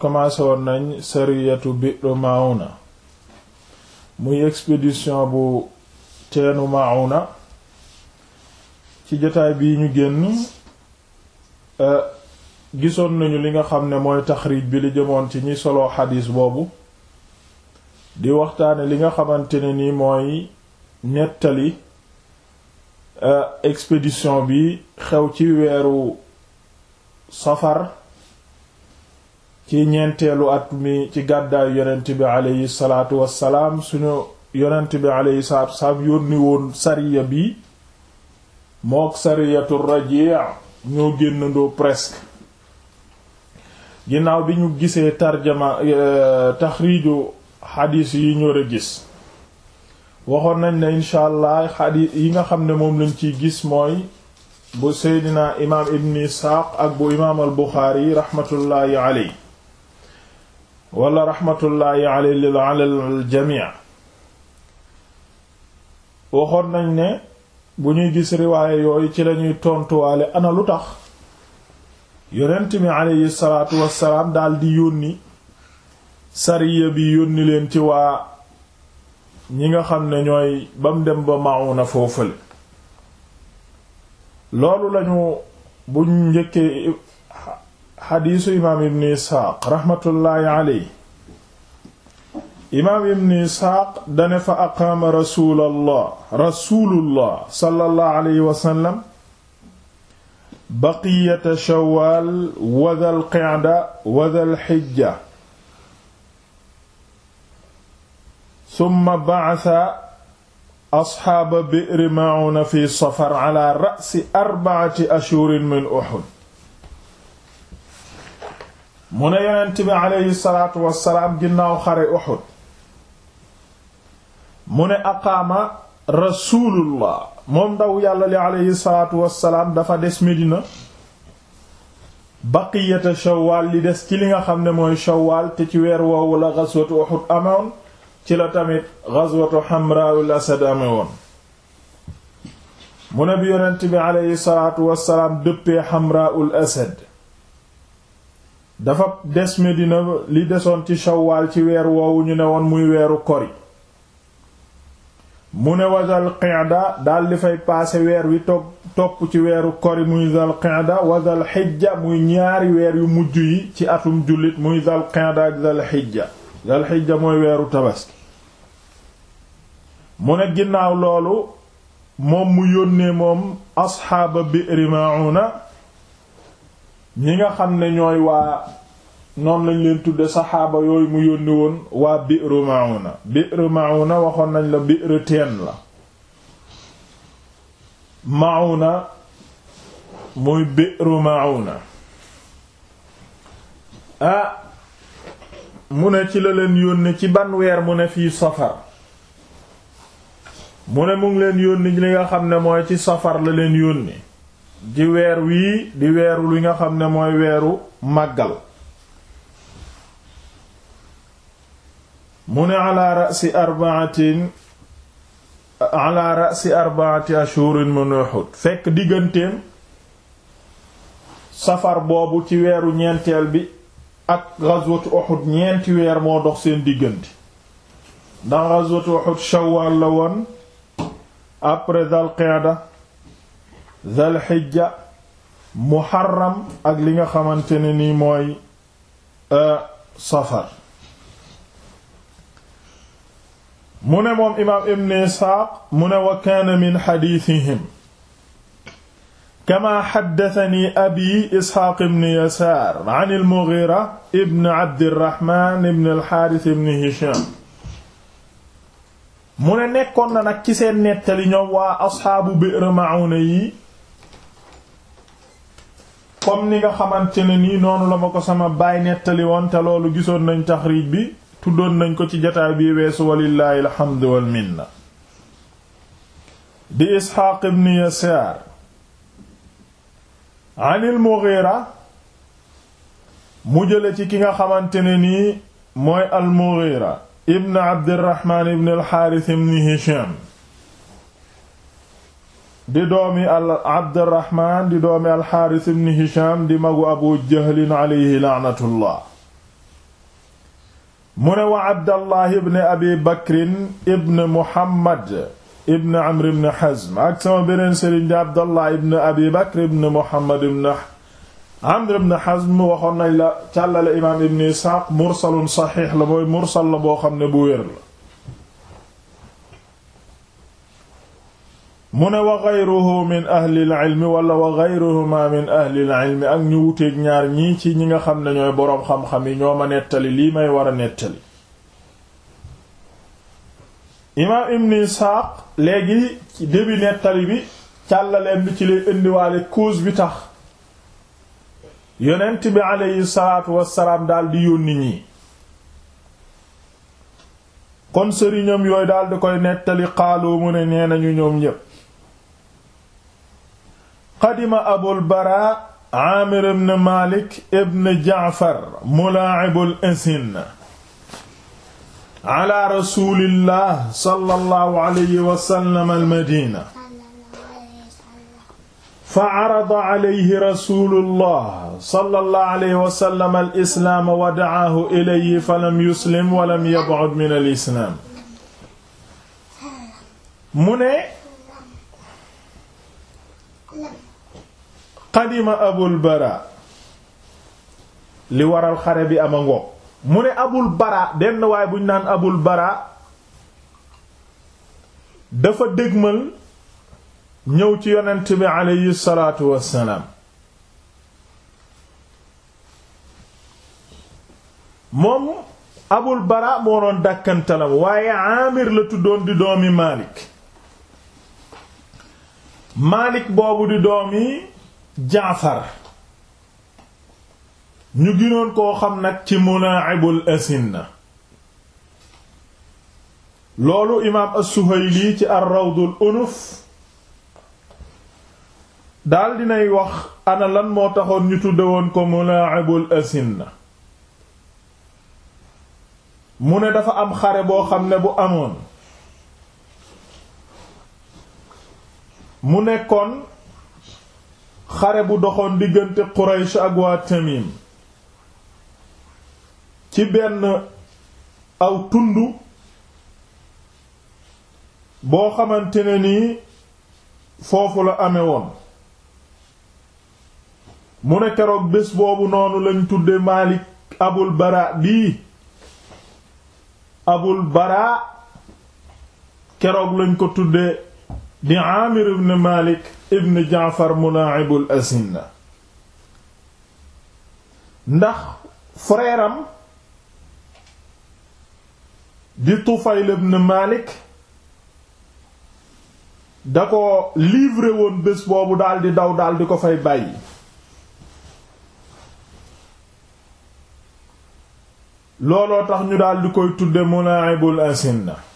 commencé woon nañ sariyatu Bi'r Ma'una muy expédition bu teenu Ma'una ci jotaay bi ñu génn euh, gisoon nañu li nga xam ne mooy taxrij bi li jëmoon ci ñi solo xadiis boobu di waxtaane li nga xamante ne ni mooy nettali euh, expédition bi xew ci weeru safar ci ñeenteelu at mi ci gàddaayu yonent bi aleyhi salaatu wassalaam suñu yonent bi aleyhi salaatu wassalaam yónni woon sariya bi mook sariyatu raji' ñoo génnandoo presque ginnaaw bi ñu gisee tarjama eh, taxriiju xadiis yi ñor a gis waxoon nañ ne incha allah xadiis yi nga xam ne moom lañ ciy gis mooy bu seydina imaam ibn isxaaq ak bu imaam al buxaari raxmatullaahi aley wala raxmatullaahi alal waxoon nañ ne bu ñuy gis riwaaye yooyu ci lañuy tontuwaale ana lu tax yonent mi aleyhi salaatu wassalaam daldi yónni sariya bi yónni leen ci waa ñi nga xam ne ñooy bam dem ba Mauna foofale loolu lañu buñ njëkkee xadiisu imaam ibn isxaaq raxmatullaahi aley imaam ibn isxaaq dane fa aqaama rasuulullah rasuulullah sallallahu alayhi wasallam baqiyata shawaal wa dhal qa'da wa dhal hijja summa ba'atha asxaaba bi'ri ma'una fi safar ala ra'si arba'ati ashhurin min uhud mu ne yonent bi aleyhi wassalaam ginnaaw xare Uhud mu ne aqaama rasulullah moom ndaw yàlla li aleyhi salaatu wassalaam dafa des Medina baqiyata shawwal li des ci li nga xam ne mooy shawwal te ci weer woowu la ghazwatu Uhud amoon ci la tamit ghazwatu Hamra'ul Asad amoon mu ne bi yonent bi aleyhi wassalaam dëppee Hamra'ul Asad dafa des Medina li desoon ci shawaal ci weer woowu ñu ne woon muy weeru kori mu ne wa zal daldi fay paase weer wi topp topp ci weeru kori muy zal qa'da wa xijja muy ñaari weer yu mujj yi ci atum jullit muy zal qa'da ak zal xijja zal xijja mooy weeru tabaski mu ne ginnaaw loolu moom mu yónnee moom asxaaba bi'r ñi nga xam ne ñooy waa noonu lañ leen tudde saxaaba yooyu mu yónni woon waa Bi'ru Ma'una Bi'ru Ma'una waxoon nañ la Bi'r teen la Ma'una muy Bi'ru Ma'una ah mu ne ci la leen yónni ci ban weer mu ne fii safar mu ne mu ngi leen yónni li nga xam ne mooy ci safar la leen yónni di weer wii di weeru li nga xam ne mooy weeru màggal mu ne ala rasi arbaatin ala rasi arbaati ashurin fekk digganteem safar boobu ci weeru ñeenteel bi ak ghazwatu Uhud ñeenti weer moo dox seen diggante ndax ghazwatu Uhud shawwal la woon après dal dhal xijja muharram ak li nga xamante ne nii mooy euh, safar mu ne moom imaam ibn isxaaq mu ne wa kaana min xadiisihim kama xaddatani abi isxaaq ibn yasaar an al-mughira ibn abdirahman ibn al ibn hisham mu ne nekkoon na nag ci seen nettali waa asxaabu bi'r ma'una yi fomm ni nga xamante ne nii noonu la ma ko sama baay nettali woon te loolu gisoon nañ taxriij bi tuddoon nañ ko ci jataay bii weesu walillaahi alhamdu wal minna di isxaaq ibn yasaar anil mughira mu jële ci ki nga xamante ne nii mooy al mughira ibn abdirahmaan ibn al ibn hisham di doomi al abdirahman di doomi alxaaris ibn hisham di magu abu jahlin alayhi laanatullah mu ne wa abdallahi ibn abi bakrin ibn muhammad ibn amr ibn hazm ak sama beneen di abdallah ibn abi bakr ibn muhammad ibn amr ibn hazm waxoon nañ la càllale imaam ibn isxaaq mursalun la mooy mursal la boo xam ne bu wér mu ne wa gayruhu min ahlil ilmi wala wa gayruhuma min ahlil ilmi ak ñu wuteeg ñaar ñii ci ñi nga xam ne ñooy boroom xam-xam yi ñoo ma nettali lii may war a nettali imaam ibn isxaaq léegi ci nettali bi càllaleen bi ci lay indiwaale cause bi tax yonent bi aleyhi salaatu wassalaam daal di yónni ñii kon sëriñam yooyu daal di koy nettali xaalu mu ne nee nañu ñoom ñépp qadima abul bara aamir ibn malik ibn jaafar mulaacibul insin ala rasulillah sallallahu alayhi wa sallam almadina fa carada alayhi rasulullah sallallahu alayhi wa sallam alislaam wa dacaahu ilayhi falam yuslim walam yabcud min alislaam mu ne qadima abul bara li waral xare bi ama ngoog mu ne abul bara denn waay buñ naan abul bara dafa dégmal ñëw ci yonent bi aleyhi salaatu wassalaam moom abul bara moo doon dàkkantalam waaye amir la tuddoon di doomi maalik maalik boobu di doomi jaafar ñu ginoon koo xam nag ci munaa'ibul asinna loolu imaam as ci ar-Rawdul Unuf daal dinay wax ana lan moo taxoon ñu tuddewoon ko munaa'ibul asinna mu ne dafa am xare boo xam ne bu amoon mu nekkoon xare bu doxoon diggante Quraysh ak waa Tamim ci benn aw tund boo xamante ne nii foofu la ame woon mu ne keroog bés boobu noonu lañ tudde Maalik Abul Bara bii Abul Bara keroog lañ ko tudde di Aamir ibn Malik ibn Jaafar munaa'ibul asinna ndax frère am di Tufayl ibn Malik da ko livré woon bés boobu daal di daw daal di ko fay bàyyi looloo tax ñu daal di koy tudde munaa'ibul asinna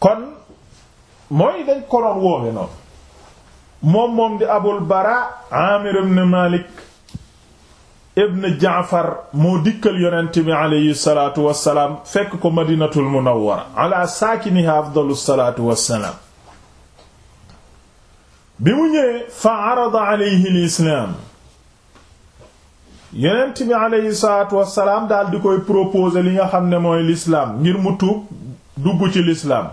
kon mooy dañ ko doon moom moom di abul bara amir ibn malik ibn jaafar moo dikkal yonent bi aleyhi wassalaam fekk ko madinatul munawwara ala saakiniha afdalu salaatu wassalaam bi mu ñëwee fa arada aleyhi lislaam yonent bi aleyhi wassalaam daal di koy proposer li nga xam ne mooy lislaam ngir mu tuub dugg ci lislaam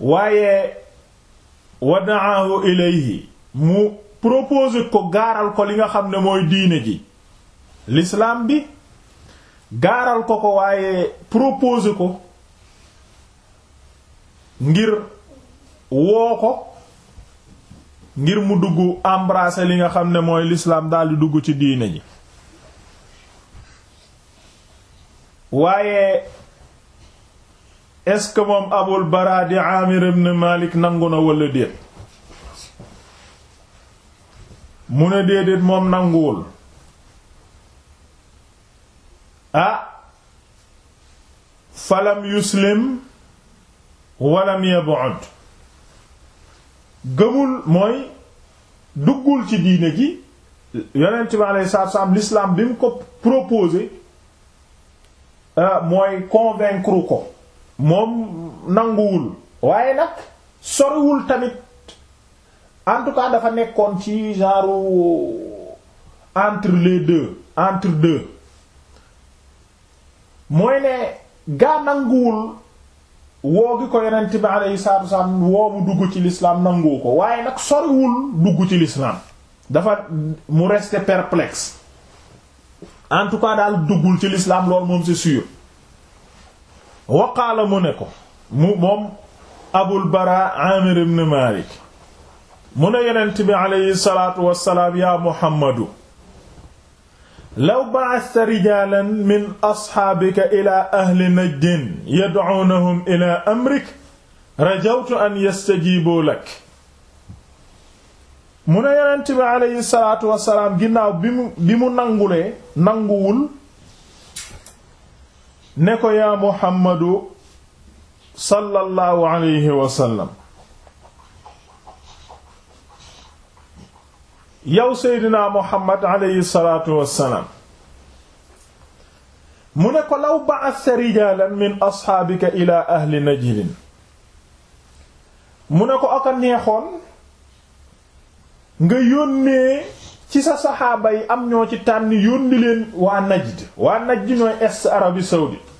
waaye wa da'ahu ilayhi mu proposé ko gaaral ko li nga xam ne mooy diine ji l'islam bi gaaral ko ko waaye proposé ko ngir woo ko ngir mu dugg embrasser li nga xam ne mooy l'islam di dugg ci diine ji waaye est-ce que moom abul bara di amir ibn malik nangu na wala déet mu ne déedéet moom nanguwul ah falam yuslim walam yab'ud gëmul mooy duggul ci diine gi yonent bi alayhi mu ko proposé ah, mooy convaincre ko moom nanguwul waaye nag soriwul tamit en tout cas dafa nekkoon ci genre entre les deux entre deux mooy ne gaa nanguwul woo gi ko yonent bi alayhi salaatu wasalaam woo mu dugg ci l'islam nanguwu ko waaye nag soriwul dugg ci l'islam dafa mu reste perplexe en tout cas daal duggul ci lislaam loolu moom c'est sûr waqaala mu ne ko mu moom abul bara amir ibn malik mu ne yonent bi aleyhi salaatu wassalaam yaa muhammadu law ba'athta rijaalan min asxaabika ila ahli najdin yad'uunahum ila amrik rajawtu an yastajiibu lak mu ne yonent bi aleyhi salaatu wassalaam ginnaaw bi mu bi mu nangulee nanguwul ne ko yaa muhammadu sallallahu alayhi wa sallam yow seydinaa muhammad alayhi salaatu wassalaam mu ne ko law ba'atha rijaalan min asxaabika ila ahli najdin mu ne ko aka neexoon nga yónnee ci sa saxaaba yi am ñoo ci tànn yónni leen waa Najd waa Najd ñooy est Arabie saoudite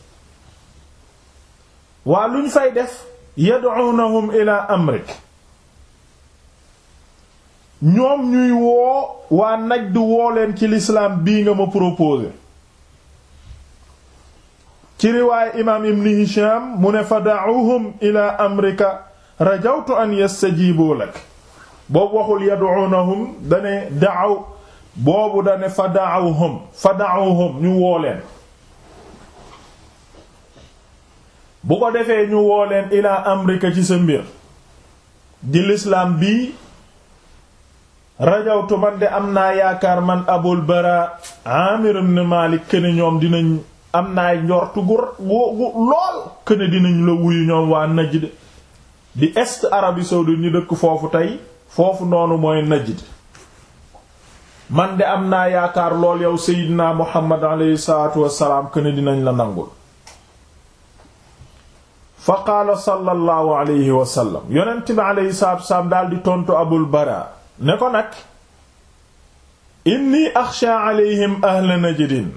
waa lu ñu fay def yad'unahum ila amrik ñoom ñuy woo waa Najd woo ci l'islam bii nga ma proposé ci riwaaya imaam ibn Hisham mu ne fa da'uhum ila amrika rajawtu an yastajibu lak boobu waxul yad'unahum dane da'aw boobu dane fa da'awhum fa da'awhum ñu woo leen bu ko defee ñu woo leen ilaa amrika ci sa mbir di lislaam bii rajawtu man de am naa yaakaar man abul bara amir ibn malik këne ñoom dinañ am naa njortu gu lool këne dinañ la wuyu ñoom waa najd di est Arabie saoudite ñu dëkk foofu tey foofu noonu mooy Najd man de am na yaakaar lool yow Seydina Muhammad aleyhi salaatu wassalaam këne dinañ la nangul fa qaala sallallahu alayhi wa sallam yonent bi aleyhi salaatu wassalaam daldi tontu Abul Bara ne ko nag inni axsha alayhim ahla Najdin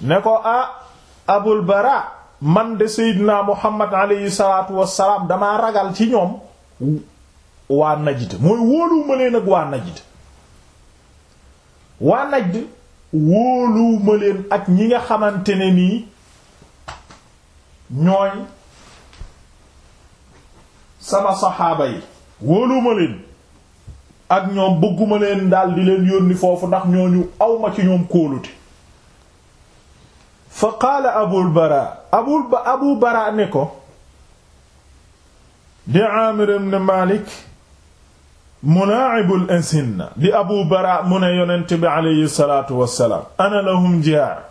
ne ko a ah, Abul Bara man de Seydina Muhammad aleyhi salaatu wassalaam damaa ragal ci ñoom waa Najd mooy wóoluwuma leen ak waa Najd waa Najd wóoluwuma leen ak ñi nga xamante ne nii ñooy sama saxaaba yi wóoluwuma leen ak ñoom bëgguma leen daal leen yónni foofu ndax ñooñu awma ci ñoom kóolute fa qaala abul bara abu bara ne ko di Amir ibn Malik munaacibul insinna di abu bara mu ne yonent bi aleyhi salaatu wassalaam ana lahum jaar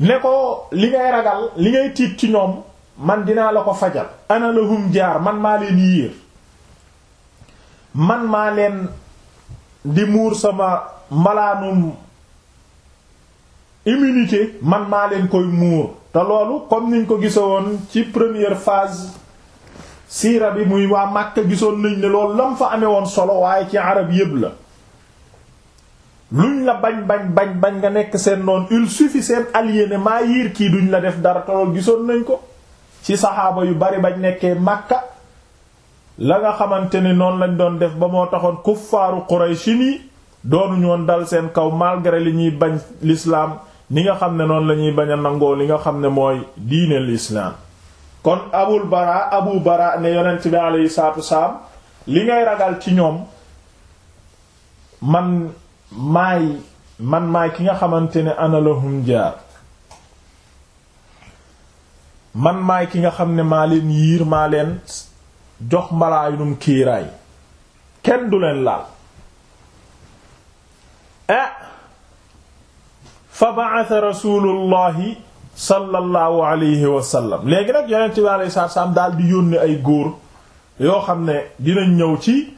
ne ko li ngay ragal li ngay tiit ci ñoom man dinaa la ko fajal ana lahum jaar man maa leen yiir man maa leen di muur sama mbalaanum immunité man maa leen koy muur te loolu comme niñ ko gisoon ci première phase siira bi muy waa Makka gisoon nañ ne loolu lam fa amee woon solo waaye ci arab yëpp la luñ la bañ bañ bañ bañ nga nekk seen noonu il seen allié ne maa yiir kii duñ la def dara tolool gisoon nañ ko ci saxaaba yu bari bañ nekkee Makka la nga xamante ne noonu lañ doon def ba moo taxoon kuffaaru Quraysh ni doonuñu woon dal seen kaw malgré li ñuy bañ lislaam ni nga xam ne noonu la ñuy bañ a nangoo li nga xam ne mooy diine l'islam kon abul bara abu bara ne yonent bi alayhi salaatu wasalaam li ngay ragal ci ñoom man maay man maay ki nga xamante ne ana lahum jaar man maay ki nga xam ne maa leen yiir maa leen jox mbalaayunum kiiraay kenn du leen laal ah fa ba'atha rasulullahi sallallahu alayhi wa sallam léegi nag yonent bi alayhi salaatu salaam daal di yónni ay góor yoo xam ne dinañ ñëw ci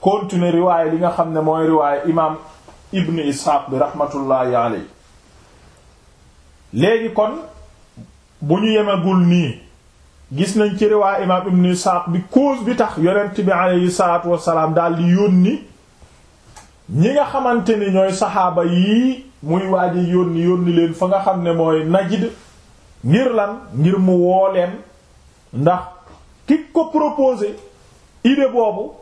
continuer riwaay bi nga xam ne mooy riwaay imaam Ibn Isxaaq bi rahmatullahi alayhi léegi kon bu ñu yemagul nii gis nañ ci riwaay imaam Ibn Isxaaq bi cause bi tax yonent bi alayhi salaatu wa salaam daal di yónni ñi nga xamante ni ñooy saxaaba yii. muy waaje yónni yónni leen fa nga xam ne mooy Najd ngir lan ngir mu woo ndax ki ko proposé idée boobu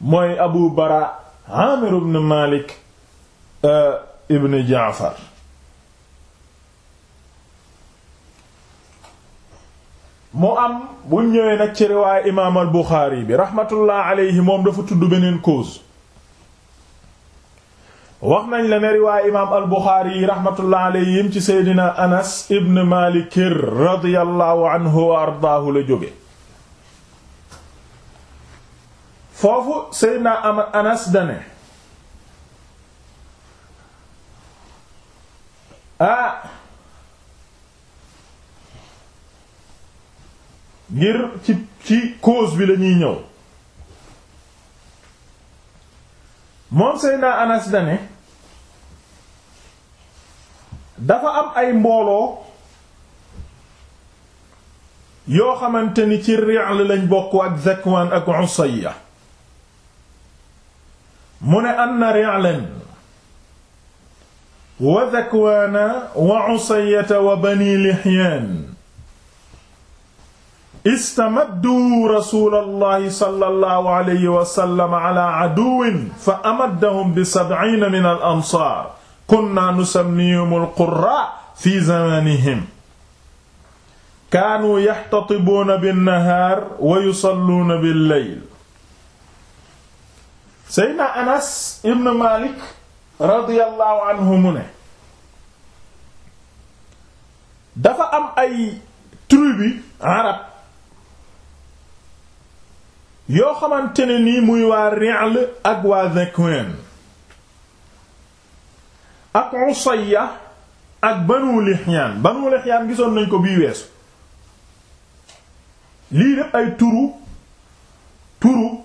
mooy Abu Bara Amir ibn Malik euh, ibn Jaafar mu am bu ñëwee nag ci riwaaya imaam al Buxaari bi rahmatullah alayhi moom dafa tudd beneen cause wax nañ la ne riwaay imaam al-Buxaari yi rahmatullah alayhim ci seydina Anas ibn Maalik radiyallahu anhu wa ardaahu la jóge foofu seydina Anas dane ngir ci ci cause bi lañuy ñëw moom seydina Anas dane dafa am ay mbooloo yoo xamante ni ci Ri'l lañ bokk ak Zakwan ak Usayya mu ne anna Ri'lan wa Zakwana wa Usayyata wa Bani Lihyaan istamaddu rasuulallahi sallallahu alayhi wa sallam ala aduwwin fa amaddahum bi sab'iina min al-ansaar kunna nusammihumul qurra fi zamanihim kaanu yaxtatibuuna binnahaar wa yusalluuna billeyl seydna anas ibn malik radiyallahu anhu mu ne dafa am ay tribu arab yoo xamante ne nii muy waa Ri'l ak waa Zakwan ak Usayya ak Banu Lihyaan Banu Lihyaan gisoon nañ ko bii weesu lii lépp ay turu turu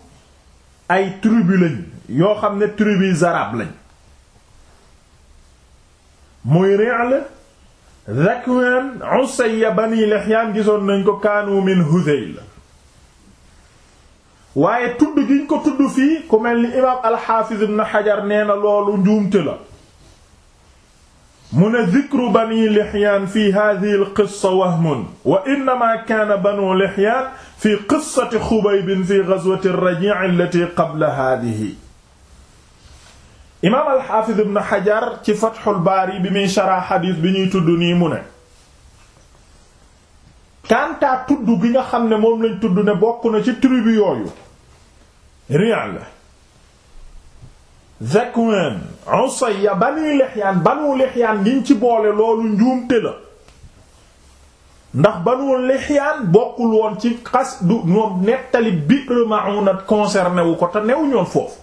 ay tribu lañ yoo xam ne tribus arabes lañ muy Ri'l Dhakwaan Usayya Bani Lihyaan gisoon nañ ko kaanu min Hudayl waaye tudd giñ ko tudd fii ku mel ni imaam al-Hafiz ibn nee na loolu njuumte la mu ne dikru bani lixyaan fi hadihi alqissa wahmun wa innama kaana banu lixyaan fi qissati xubaybin fi gazwati rajic allati qabla hadihi imaam alxaafid ibn xajar ci fatxul baari bi muy sharax xadiis bi ñuy tudd nii mu ne kantaa tudd gi nga xam ne moom lañ tudd ne bokk na ci tribu yooyu Ri'la Zakwan Usayya Banu Lihyaan Banu Lihyaan ngiñ ci boole loolu njuumte la ndax Banu Lihyaan bokkul woon ci xas du ñoom nettali Bi'r Ma'una concerné wu ko te newu ñoon foofu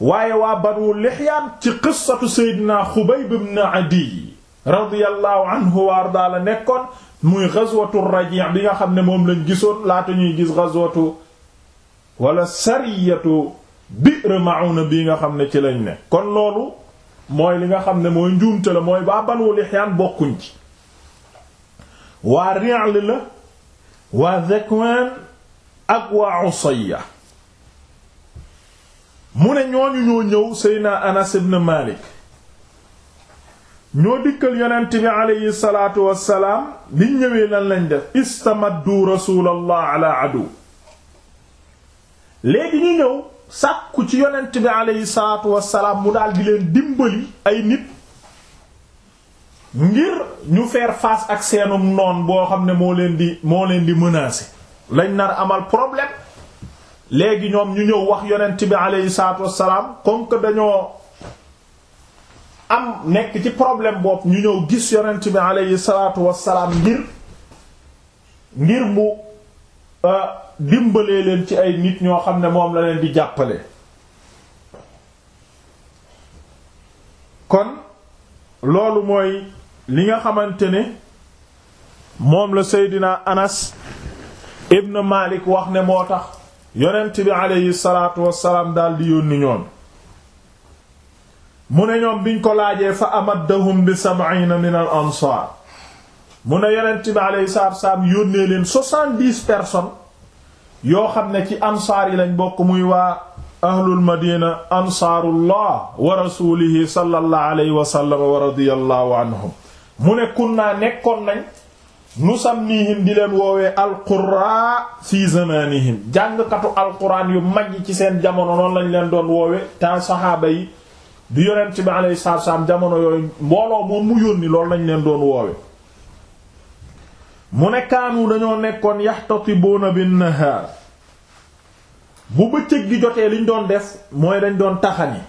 waaye waa Banu Lihyaan ci qissatu Seydina Xubayb ibn Adiy radiyallahu anhu wa ardaa la nekkoon muy ghazwatu Raji' bi nga xam ne moom lañ gisoon laata ñuy gis ghazwatu wala sariyatu Bi'r Ma'una bii nga xam ne ci lañ ne kon loolu mooy li nga xam ne mooy njuumte la mooy baa Banu Lihyaan bokkuñ ci waa Ri'l la waa Zakwaan ak waa Usayya mu ne ñooñu ñu ñëw Seydina Anas ibn Malik ñoo dikkal yonent bi aleyhi salaatu wassalaam liñ ñëwee lan lañ def istamaddu rasulallah ala adu léegi ñu ñëw sàkku ci yonent bi aleyhi salaatu wassalaam mu daal di leen dimbali ay nit ngir ñu feer face ak seenum noon boo xam ne moo leen di moo leen di menacer lañ nar amal problème léegi ñoom ñu ñëw wax yonent bi aleyhi salaatu wassalaam comme que dañoo am nekk ci problème bopp ñu ñëw gis yonent bi aleyhi salaatu wassalaam ngir ngir mu euh, dimbalee leen ci ay nit ñoo xam ne moom la leen di jàppale kon loolu mooy li nga xamante ne moom la Seydina Anas ibn Malik wax ne moo tax yonent bi aleyhi salaatu wassalaam daldi yónni ñoom mu ne ñoom biñ ko laajee fa amat amaddahum bi sab'ina min al ansaar mu ne yonent bi aleyhi salaatu wassalaam yónnee leen soixante-dix personnes yoo xam ne ci ansaar yi lañ bokk muy waa ahlul madina ansaarullah wa rasulihi sallallahu alayhi wa sallam wa radiyallahu anhum mu ne kunnaa nekkoon nañ nusammihim di leen woowee alqurra fi zamanihim jàngkatu alquran yu mag yi ci seen jamono noonu lañ leen doon woowe temps saxaaba yi di yonent bi alayhi salaam jamono yooyu mbooloo moom mu yónni loolu lañ leen doon woowe mu ne kaanu dañoo nekkoon yaxtatibuuna bin nahaar bu bëccëg gi jotee liñ doon des mooy dañ doon taxani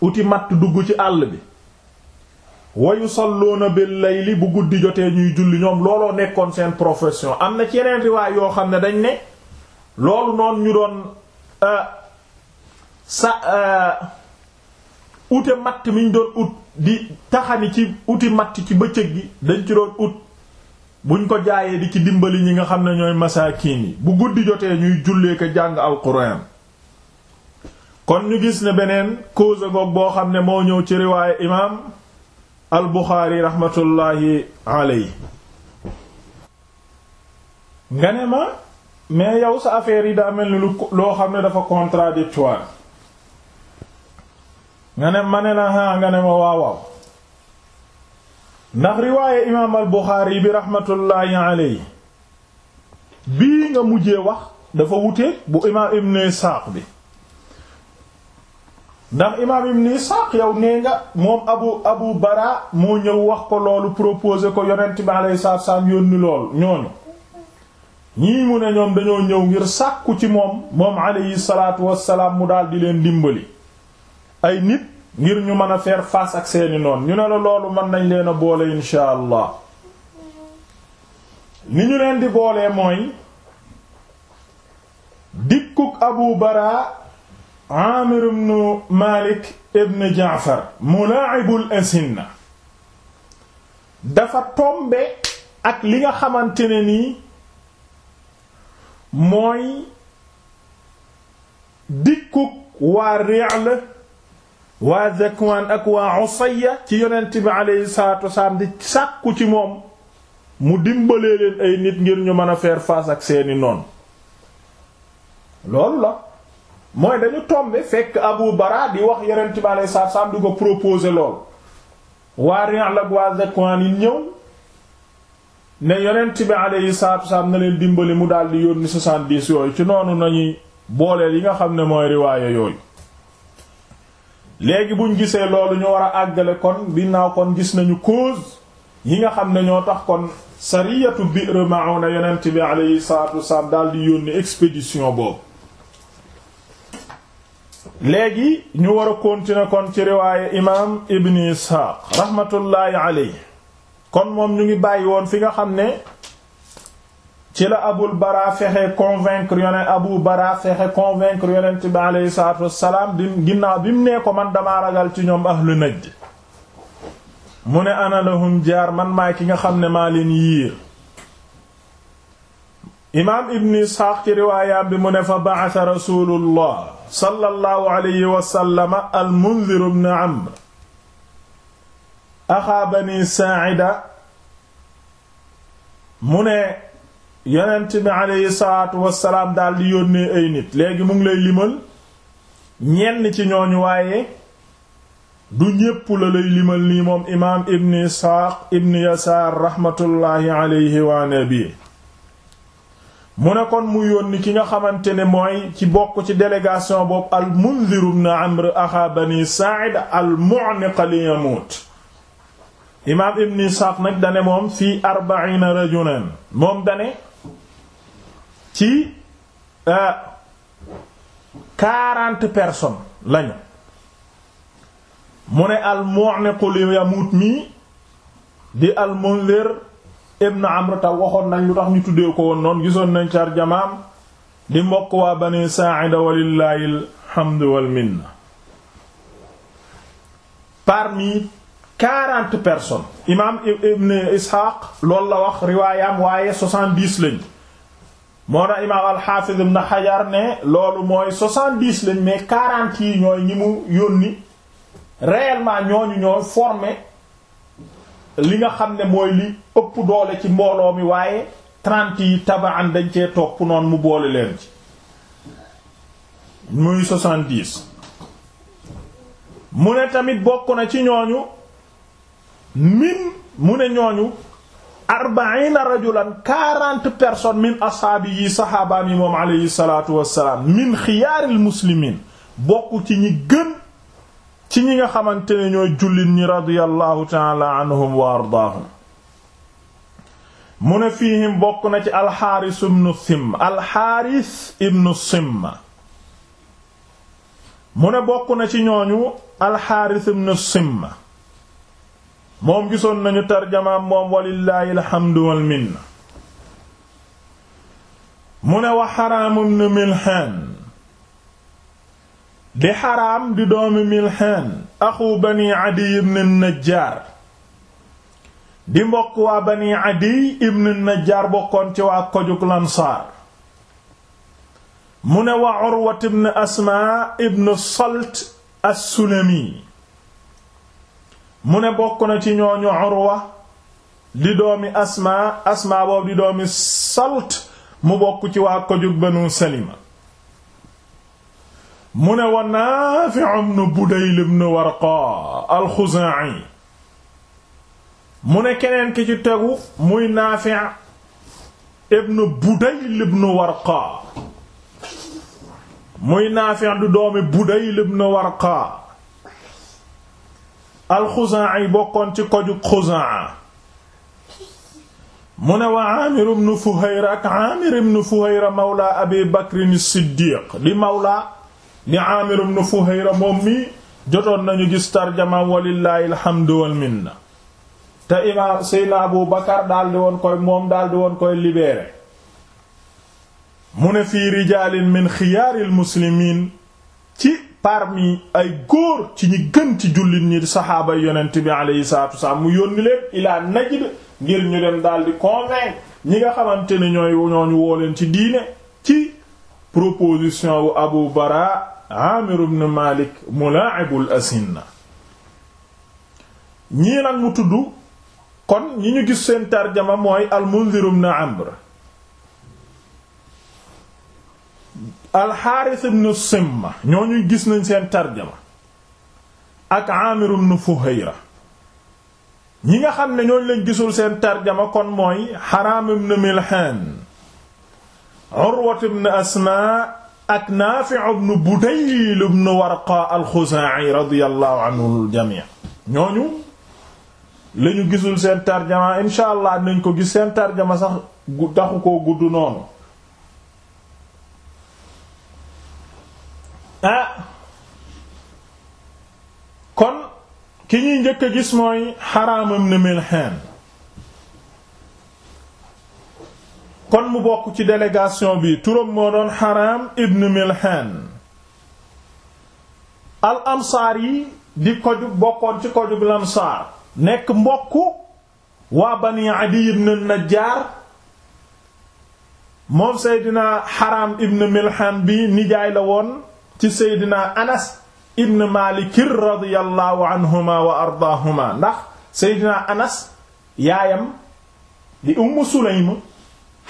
uti matt dugg ci àll bi sol wa yusalluuna bil layli bu guddi jotee ñuy julli ñoom looloo nekkoon seen profession am na ci yeneen riwaay yoo xam ne dañ ne loolu noonu ñu doon euh, sa euh, ute matt mi doon ut di taxani ci uti matt ci bëccëg gi dañ ci doon ut buñ ko jaayee di ci dimbali ñi nga xam ne ñooy masaakiin yi bu guddi jotee ñuy jullee ko jàng alquran kon ñu gis ne beneen cause goog boo xam ne moo ñëw ci riwaaye imaam al buxaari raxmatullaahi aley nga ne ma mais yow sa affaire yi daa mel ni loo xam ne dafa contradictoire nga ne ma ne la nga ne ma waawaaw ndax riwaaye imaam al Buxaari bi raxmatullaahi alayhi bii nga mujjee wax dafa wuteeg bu imaam ibn Isaaq bi ndax imaam ibn Isaaq yow nee nga moom abu abu bara moo ñëw wax ko loolu proposé ko yonent bi alayhi salaatu salaam yónni lool ñooñu ñii mu ne ñoom dañoo ñëw ngir sàkku ci moom moom alayhi salaatu wassalaam mu daal di leen dimbali ay nit ngir ñu mën a faire face ak seeni noon ñu ne la loolu mën nañ leen a boole insha allah ni ñu leen di boolee mooy dikkuk abu bara amir ibn malik ibn jaafar mulaa'ibul asinna dafa tombe ak li nga xamante ne mooy dikkuk waa Ri'l waa Zakwaan ak waa Usayya ci yonent bi aleyhi salaatu wasalaam di sàkku ci moom mu dimbalee leen ay nit ngir ñu mën a faire fas ak seeni noon lool la mooy dañu tombe fekk Abu Bara di wax yonent bi aleyhi salaatu wasalaam di ko proposer lool waa la ak waa Zakwaan yi ñëw ne yonent bi aleyhi salaatu wasalaam na leen dimbali mu daldi yónni soixante-dix yooyu ci noonu nañuy booleel yi nga xam ne mooy riwaaya yooyu léegi buñ gisee loolu ñu war a àggale kon dinaaw kon gis nañu cause yi nga xam ne ñoo tax kon sariyatu Bi'r Ma'una yonent bi alayhi salaatu wasalaam daal di yónni expédition boobu léegi ñu war a continuer kon ci riwaaye imaam Ibn Isxaaq rahmatullaahi alayhi kon moom ñu ngi bàyyi woon fi nga xam ne ci la abul bara fexe convaincre yonent abu bara fexe convaincre yonent bi aleyhi salaatu wassalaam di ginnaaw mu nee ko man damaa ragal ci ñoom ahlu najd mu ne ana lahum jaar man maay ki nga xam ne maa leen yiir imaam ibn isxaaq ci riwaayaam bi mu ne fa ba'atha rasulullah sallallahu alayhi wa al munzir ibn amr axaa bani saa'ida mu ne yonent bi aleyhi salaatu daal di yónnee ay nit léegi mu ngi lay limal ñenn ci ñooñu waaye du ñépp la lay limal nii moom imaam ibn isxaaq ibn yasaar raxmatullaahi wa nabi mu ne kon mu yónni ki nga xamante ne mooy ci bokk ci délégation boobu al mundir ibn amr axaa bani al mu'niq li yamuut imaam ibn isxaaq nag dane moom fii arba'iina rajulan moom dane ci euh, quarante personnes lañu mu ne al mu'niqu li yamut di al munzir ibn amr ta waxoon nañ lu tax ñu tuddee ko woon noonu gisoon nañ car jamaam di mbokk waa bani sa'ida walillahi alhamdu wal parmi personnes imaam ibn ishaq loolu la wax riwaayam waaye soixante moo tax imaam al-Hafiz ibn ne loolu mooy soixante-dix lañ mais quarante yi ñooy ñi mu yónni réellement ñooñu ñooy formé li nga xam ne mooy li ëpp doole ci mbooloo mi waaye trente yi tabaan dañ cee topp noonu mu boole leen ci muy soixante-dix mu ne tamit bokk na ci ñooñu min mu ne ñooñu arbaina rajulan quarante personnes min ashaabi yi saxaabaam yi moom alayhi salaatu wassalaam min xiyaaril muslimiin bokk ci ñi gën ci ñi nga xamante ne ñooy jullit ñi radiyallahu taala anhum wa ardaahum mu ne fiihim bokk na ci alxaaris ibnu simm mu ne bokk na ci ñooñu alxaaris ibnu simm moom gisoon nañu tarjamaam moom walillaahi alhamdu wal minna mu ne wa xaraam ibn milhaan di xaraam di doomi milhaan axu bani adiy ibn najjaar di mbokk waa bani adiy ibn najjaar bokkoon ci waa kojug lansaar mu ne wa urwat asmaa ibn salt as mu ne bokk na ci ñooñu Urwa di doomi mu bokk ci waa kojug Banu Salima mu ne wa Naafi' ibn Budayl ibn Warqa al mu ne keneen ki ci tegu muy Naafi' ibn Budayl ibn Warqa muy Naafi' du doomi Budayl ibn Warqa alxuzaa yi ci koju xuzaa mu ne wa amir ibn fuhayra ak amir fuhayra mawla abi bakrin di mawla di amir ibn fuhayra moom mi nañu gis tarjama walillahi alhamdu wal minna te imaam seyna abu bakar daldi koy moom daldi woon koy libéré mu ne fii rijaalin min xiyaaril muslimiin parmi ay góor ci ñi gën ci jullit ñi di saxaaba yonent bi alayhi salaatu mu yónni leen ilaa Najd ngir ñu dem daal di ñi nga xamante ne ñooy ñooñu woo ci diine ci proposition wu Abu Bara Amir ibn Malik mulaa'ibul asinna ñii nag mu tudd kon ñi ñu gis seen tarjama mooy al-Mundhir ibn alxaaris ibn simma ñoo ñuy gis nañ seen tarjama ak amir ibn fuhayra ñi nga xam ne ñooñ lañ gisul seen tarjama kon mooy haram ibn milhan urwat ibn asma ak naafi ibn budayl ibn warqa alxuzaa'i radiyallahu anhu aljamii ñooñu lañu gisul seen tarjama insha nañ ko gis seen tarjama sax taxu koo gudd noonu ah kon ki ñuy njëkk a gis mooy Haraam ibn Milhan kon mu bokk ci delegation bi turam moo doon Haraam ibn Milhan al ansaar yi di koju bokkoon ci koju bi nekk mbokk waa Bani Adiy ibn Najjaar moom Seydina Haraam ibn Milhan bi nijaay la woon ci seydina anas ibn malik radiyallahu anhuma wa ardaahuma ndax seydina anas yaayam di umm sulaym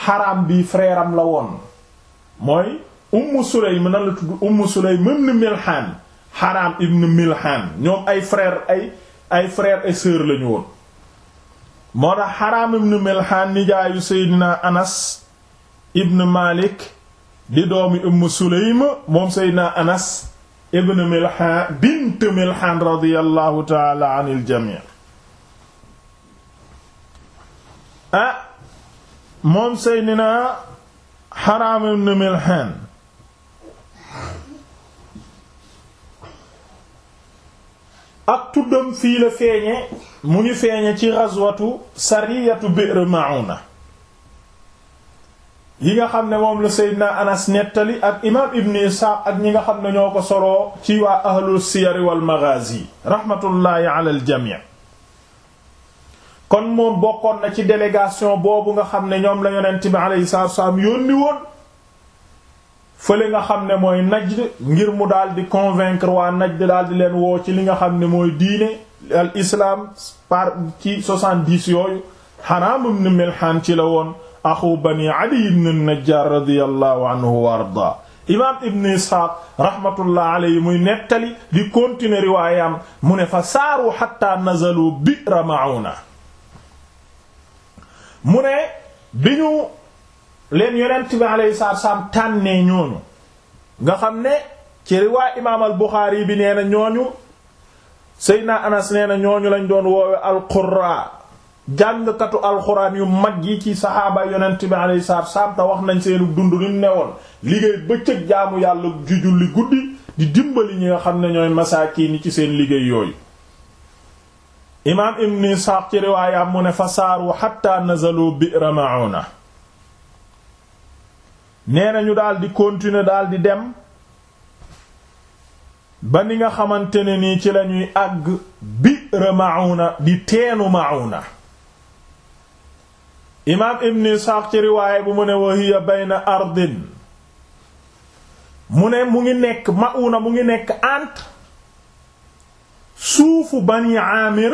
xaraam bi frère la woon mooy umm sulaym nan la tudd umm sulaym ibn milhaan xaraam ibn milhaan ñoom ay frère ay ay lañu woon moo tax xaraam ibn milhaan nijaayu seydina anas ibn malik di doomi umm sulaym moom seydna anas ibn milhan bint milhan radiyallahu taala anil jami ah moom seydna haram ibn milhan ak tuddam fii la feeñe mu ngi feeñe ci ghazwatu sariyatu bi'r ma'una yi nga xam ne moom la Seydina Anas nettali ak imaam Ibn Isxaaq ak ñi nga xam ne ñoo ko solo ci waa ahlul siyar wal maghazi rahmatullahi ala al kon moom bokkoon na ci délégation boobu nga xam ne ñoom la yonent bi alayhi salaatu wassalaam yónni woon fële nga xam ne mooy Najd ngir mu daal di convaincre waa Najd daal leen woo ci li nga xam ne mooy diine al islam par ci soixante-dix yooyu Haraam ibn ci la woon axu bani adi ibn najjar radiyallahu anhu wa arda imaam ibn isxaaq rahmatullah muy nettali di continuer riwaayam mu ne fa saaru hatta nazalu bi'ra ma'una mu bi ñu leen yonent bi tànnee ñooñu nga xam ne ci riwaay imaam al bi nee ñooñu Seydina Anas nee ñooñu lañ doon woowe al jàngkatu alxuraan yu mag yi ci saxaaba yonent bi alayhi salaatu salaam te wax nañ seenu dund li newoon liggéey bëccëg jaamu yàlla ju julli guddi di dimbali ñi nga xam ne ñooy masaakiin yi ci seen liggéey yooyu imaam ibn Isxaaq ci riwaayaam mu ne fa saaru xatta nazalu bi'ra Ma'una nee na ñu daal di continuer daal dem ba ni nga xamante ne nii ci lañuy àgg bi'ra Ma'una di teenu Ma'una imaam ibn Isxaaq ci riwaaya bu mu ne wa hiya bayna ardin mu ne mu ngi nekk mauna mu ngi nekk entre suufu bani aamir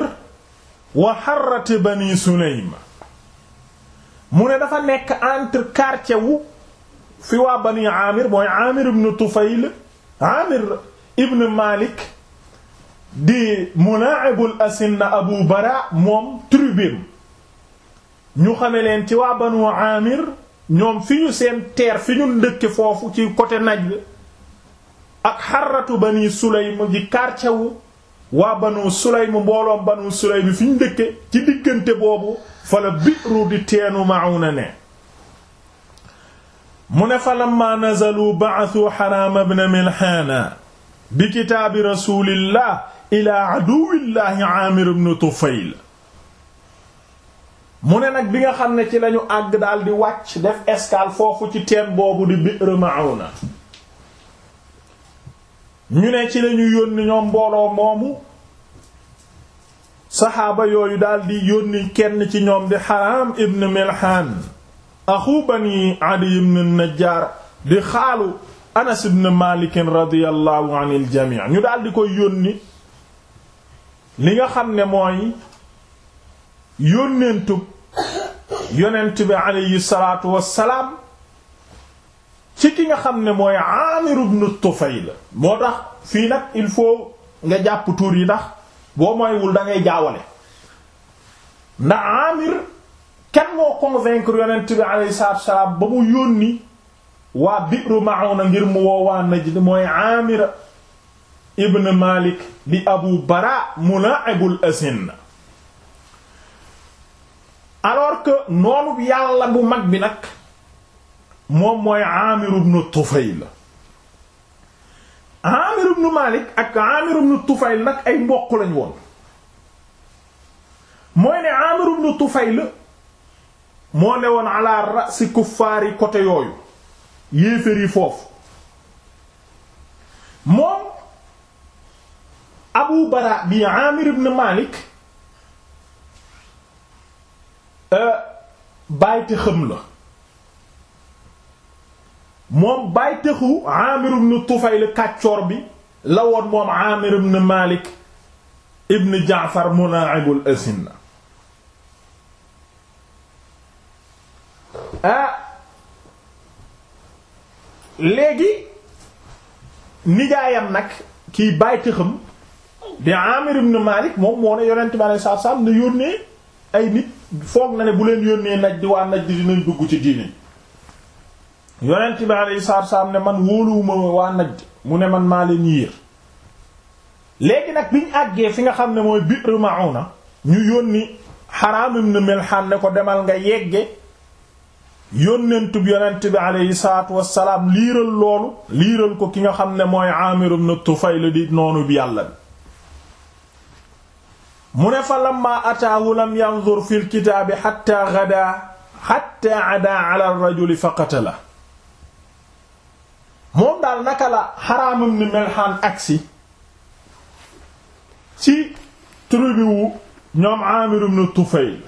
wa bani Sulaym mu ne dafa nekk entre quartier wu fi waa bani aamir mooy aamir ibn Tufayl aamir ibn Malik di munaa'ibul asinna Abu Bara moom tribim ñu xame leen ci waa banu amir ñoom fi ñu seen teer fi ñu dëkke foofu ci côté Najd ak xarratu bani Sulaym ji quartier wu waa banu Sulaym mbooloom banu Sulaym fi ñu dëkke ci diggante boobu fala la bi'ru di teenu Mauna ne mu ne fa lamma nazalu ba'athu Haram ibn Milhana bi kitaabi rasulillah ila aduwwillahi Amir ibn Tufayl mu ne nag bi nga xam ne ci lañu àgg daal di wàcc def escale foofu ci teen boobu di Bi'r Ma'una ñu ne ci lañu yónni ñoom mbooloo moomu saxaaba yooyu daal di yónni kenn ci ñoom di Haraam ibn Milhan axu bani Adiy ibn Najjaar di xaalu Anas ibn Maalik radiyallahu anil jamii ñu dal di koy yónni li nga xam ne mooy yónnentub yonent bi aleyhi salaatu ci ki nga xam ne mooy Aamir ibn Tufayl moo tax fii nag il faut nga jàpp tur yi ndax boo mooywul da ngay jaawale ndax Aamir kenn moo convaincre yonent bi aleyhi salaatu ba mu yónni waa Bi'ru Ma'una ngir mu woo Najd mooy Aamir ibn Malik di Abu Bara Mulaa'ibul Asin alors que noonu yàlla bu mag bi nag moom mooy Amir ibn Tufayl Amir ibn Malik ak Amir ibn Tufayl nag ay mbokk lañ woon mooy ne Amir ibn Tufayl moo ne woon ala rasi kuffaar yi yooyu yéeféer foofu moom Abu Bara bi Amir ibn Malik bàyyte xam la moom bàytexu Amir ibn Tufayl kàccoor bi lawoon woon moom Amir ibn Malik ibn Jaafar mulaa'ibul asinna ah léegi nijaayam nag kii bàytexam di Amir ibn Malik moom moo ne yonent bi alayhi salaatu salaam ne yónnee ay nit foog na ne bu leen yónnee naj di waa naj di dinañ dugg ci diine yonent bi alayhi salaatu salaam ne man wóoluwuma waa naj mu ne man maa leen yiir léegi nag biñ àggee fi nga xam ne mooy Bi'r Ma'una ñu yónni Haraam ibn Milhan ne ko demal nga yegge yónnent bi yonent bi alayhi salaatu wassalaam liiral loolu liiral ko ki nga xam ne mooy Aamir ibn Tufayl di noonu bi yàlla bi mu ne fa lamma ataahu lam yanzur fi lkitaabi xatta gada xatta ada ala rajuli fa qatala moom daal naka la xaraamam ni melxaan agsi ci tribu wu ñoom Aamir ibn Tufayl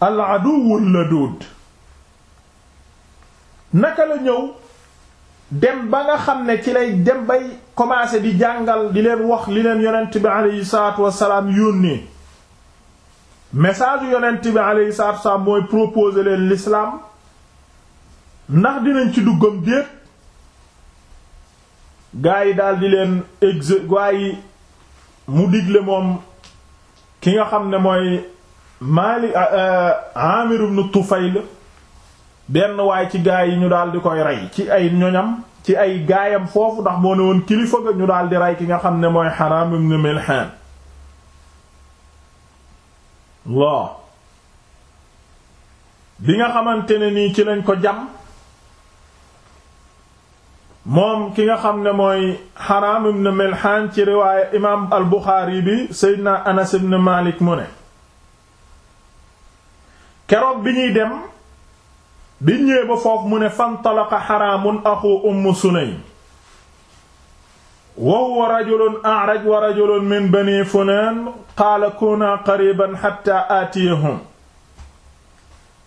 al aduwwu ladud naka la ñëw dem ba nga xam ne ci lay dem bay commencer di jàngal di leen wax li leen yonent bi aleyhi salaatu wassalaam yónnee message yonent bi aleyhi salaatu wassalaam mooy proposer leen lislaam ndax dinañ ci duggam déet gaa yi daal di leen exe gaa yi mu digle moom ki nga xam ne mooy Maalik Aamir ibn Tufayl benn waay ci gaay yi ñu daal di koy rey ci ay ñoñam ci ay gaayam foofu ndax moo ne woon kilifa ga ñu daal di rey ki nga xam ne mooy Haram ibn Milhan bi nga xamante ne nii ci lañ ko jam moom ki nga xam ne mooy Haram ibn Milhan ci riwaaya imaam al Buxaari bi Seydina na ibn Malik mu ne keroog bi ñuy dem bi ñëwee foofu mu ne fantalaqa xaraamun axu umm sunaym wa huwa rajulun a'raj wa min bani funaan qaala kunaa qariban xatta aatiyahum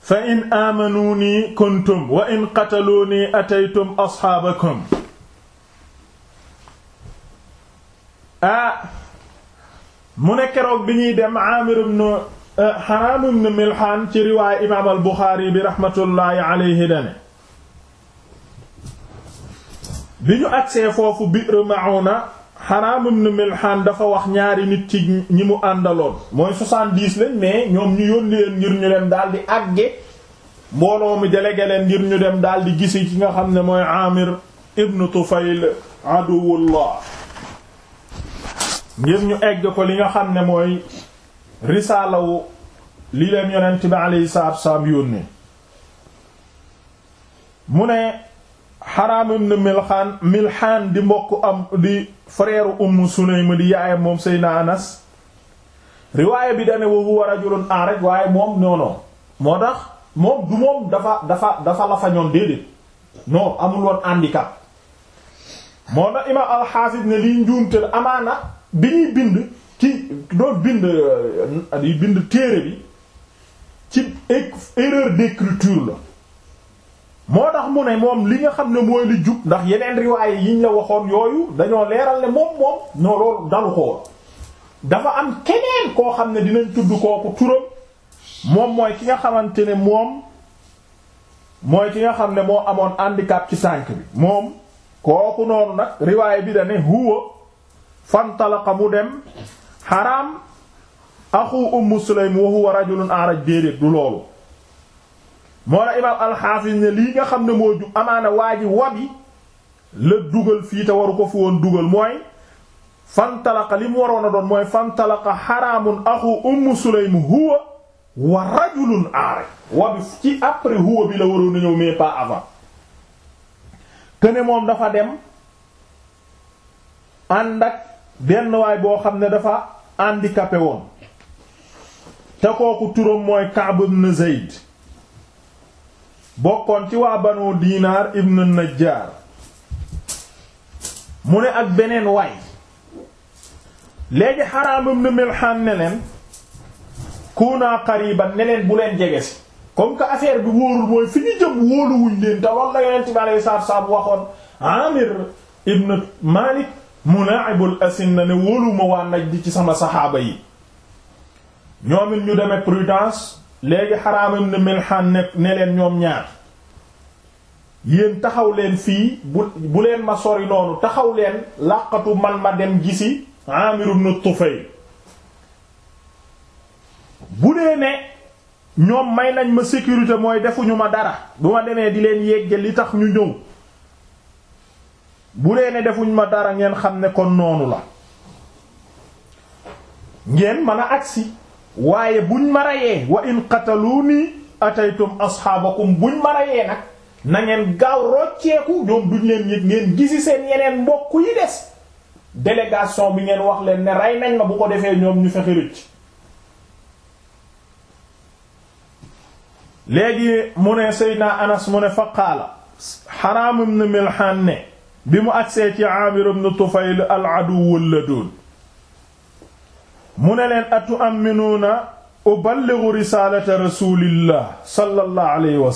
fa in aamanuunii kuntum wa in qataluunii ataytum asxaabakum ah mu ne keroog bi ñuy dem Aamir ibn Euh, Haraam ibn Milhaan ci riwaaya imaam al ñu agsee foofu Bi'r Ma'una Haraam ibn Milhaan dafa wax ñaari nit ci ñi mu àndaloon mooy soixante-dix mais ñoom ñu yónni leen ngir ñu dem daal di àgge mbooloo mi délégué leen ngir ñu dem daal di gisi ci nga xam ne mooy Aamir ibn Tufayl aduwullah ngir ñu egg ko li nga xam ne mooy risaala wu li leen yonent bi alayhi salaatu wassalaam mu ne Haraam ibn Milxaan Milxaan di mbokk am di frère Umm Sulaym di yaayam moom Seydina Anas riwaaya bi dane wa huwa rajulun a'raj waaye moom noonoon moo tax moom du moom dafa dafa dafa la fañoon déedéet non amul woon handicap moo tax imaam alxaafis ne liy njuumteel amaana bi ñuy bind ki doo bind euh, di bind téere bi ci erreur d'écriture la moo tax mu ne moom li nga xam ne mooy li jub ndax yeneen riwaaye yiñ la waxoon yooyu dañoo leeral ne moom moom ñoo dalu ko dafa am keneen koo xam ne dinañ tudd kooku turam moom mooy ki nga xamante ne moom mooy ki nga xam ne moo amoon handicap ci sànk bi moom kooku noonu nag riwaaye bi da ne huwa fantalaqa mu dem xaraam axu ummu sulaym wa rajulun araj déedéet du loolu moo la imaam alxaafis ne lii nga xam ne moo ju amaana waa ji wabi la dugal fii te waru ko fi woon dugal mooy fantalaqa li mu waroon a doon mooy fantalaqa xaraamun axu ummu sulaym huwa wa rajulun araj wabi ci après huwa bi la waroon a ñëw mais pas avant kene moom dafa dem ànd ak benn waay boo xam ne dafa handicapé woon te kooku turam mooy Ka'b ibn Zayd bokkoon ci waa Banu Diinaar ibn Najjaar mu ne ak beneen waay léegi Haraam ibn Milhaan ne kuuna qariban ne bu leen jege ci comme que affaire bi wóorul mooy fi ñu jëm wóoluwuñ leen te loolu la bi alayhi salaatu wa waxoon Aamir ibn Maalik mu munaa'ibul na ne wóoluma waa di ci sama saxaaba yi ñoom ñu demee prudence léegi Haraam ibn Milhan ne ne leen ñoom ñaar yéen taxaw leen fii bu leen ma sori noonu taxaw leen làqatu man ma dem gisi Aamir ibn Tufayl bu dee ne ñoom may lañ ma sécurité mooy defuñu ma dara bu ma demee di leen yegge li tax ñu ñëw bu dee ne defuñ ma dara ngeen xam ne kon noonu la ngeen mën a agsi waaye buñ ma rayee wa in qataluni ataytum asxaabakum buñ ma rayee nag na ngeen gaaw rocceeku ñoom duñ leen yëg ngeen gisi seen yeneen mbokk yi des délégation bi ngeen wax leen ne rey nañ ma bu ko defee ñoom ñu fexe léegi mu ne Seydina Anas mu ne fa qaala Haraam ibn ne bi mu agsee ci Aamir ibn Tufayl al-aduwwu laduun mu ne leen atu'minuuna uballighu risaalata rasuulillah sallallahu alayhi wa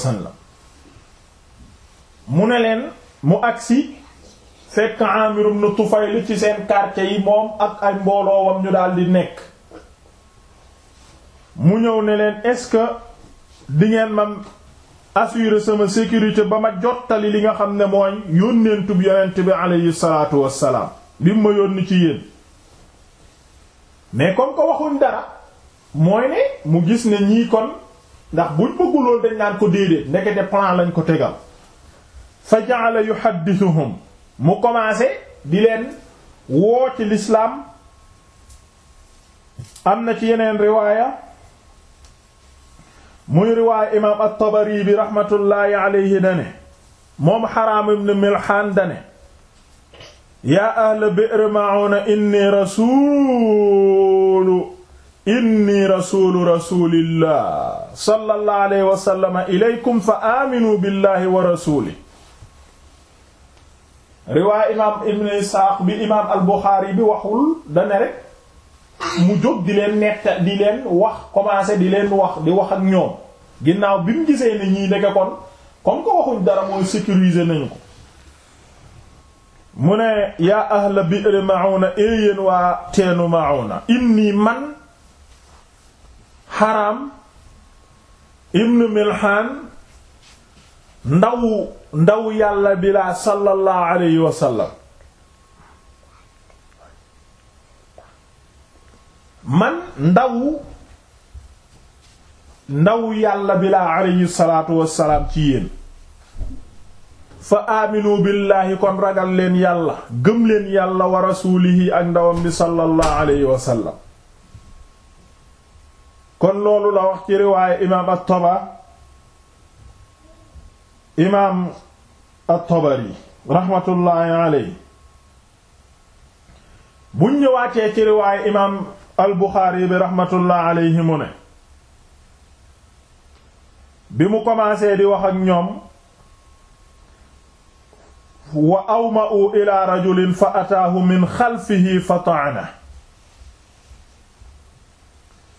mu ne leen mu agsi fekk Aamir ibn Tufayl ci seen quartier yi moom ak ay mbooloowam ñu daldi nekk mu ñëw ne leen est-ce que di ngeen ma assurer sama sécurité ba ma jottali li nga xam ne mooy yónnentub yonent bi aleyhi salaatu wassalaam bi mu ma yónni ci yéen mais comme ko waxuñ dara mooy ne mu gis ne ñii kon ndax buñ bëggu loolu dañ naan ko déedéet ndekete plan lañ ko tegal fa yu ja'ala yuhaddithuhum mu commencé di leen woo ci lislaam am na ci yeneen riwaaya muy riwaaya imaam at-Tabari bi raxmatullaahi alayhi dane moom Haraam ibn Milhaan dane yaa ahla bi'r ma'una inni rasuulu inni rasuulu rasuulillah sallallahu alayhi wa sallam ilaykum fa aaminu billahi wa rasuulihi riwaaya imaam ibn Isxaaq bi imaam al-Buxaari bi waxul dane rek mu jóg di leen netta di leen wax commencé di leen wax di wax ak ñoom ginnaaw bi mu gisee ne ñii nekk kon comme ko waxuñ dara mooy sécuriser nañu ko mu ne yaa ahla bi'r Ma'una éeyéen eh waa teenu Ma'una inni man Haram ibn Milhan ndaw ndaw yàlla bilaa laa sallallahu alayhi man ndaw ndaw yàlla bi laa alayhi salaatu wassalaam ci yéen fa aaminu billaahi kon ragal leen yàlla gëm leen yàlla wa rasuulihi ak ndawam bi sallallahu alayhi wa sallam kon loolu la wax ci riwaaye imaam at imaam at raxmatullaahi alayhi buñ ñëwaatee ci riwaaye imaam albuxaari bi raxmatullah alayhi mu ne bi mu commencé di wax ak ñoom wa awma'u ila rajulin fa ataahu min xalfihi fa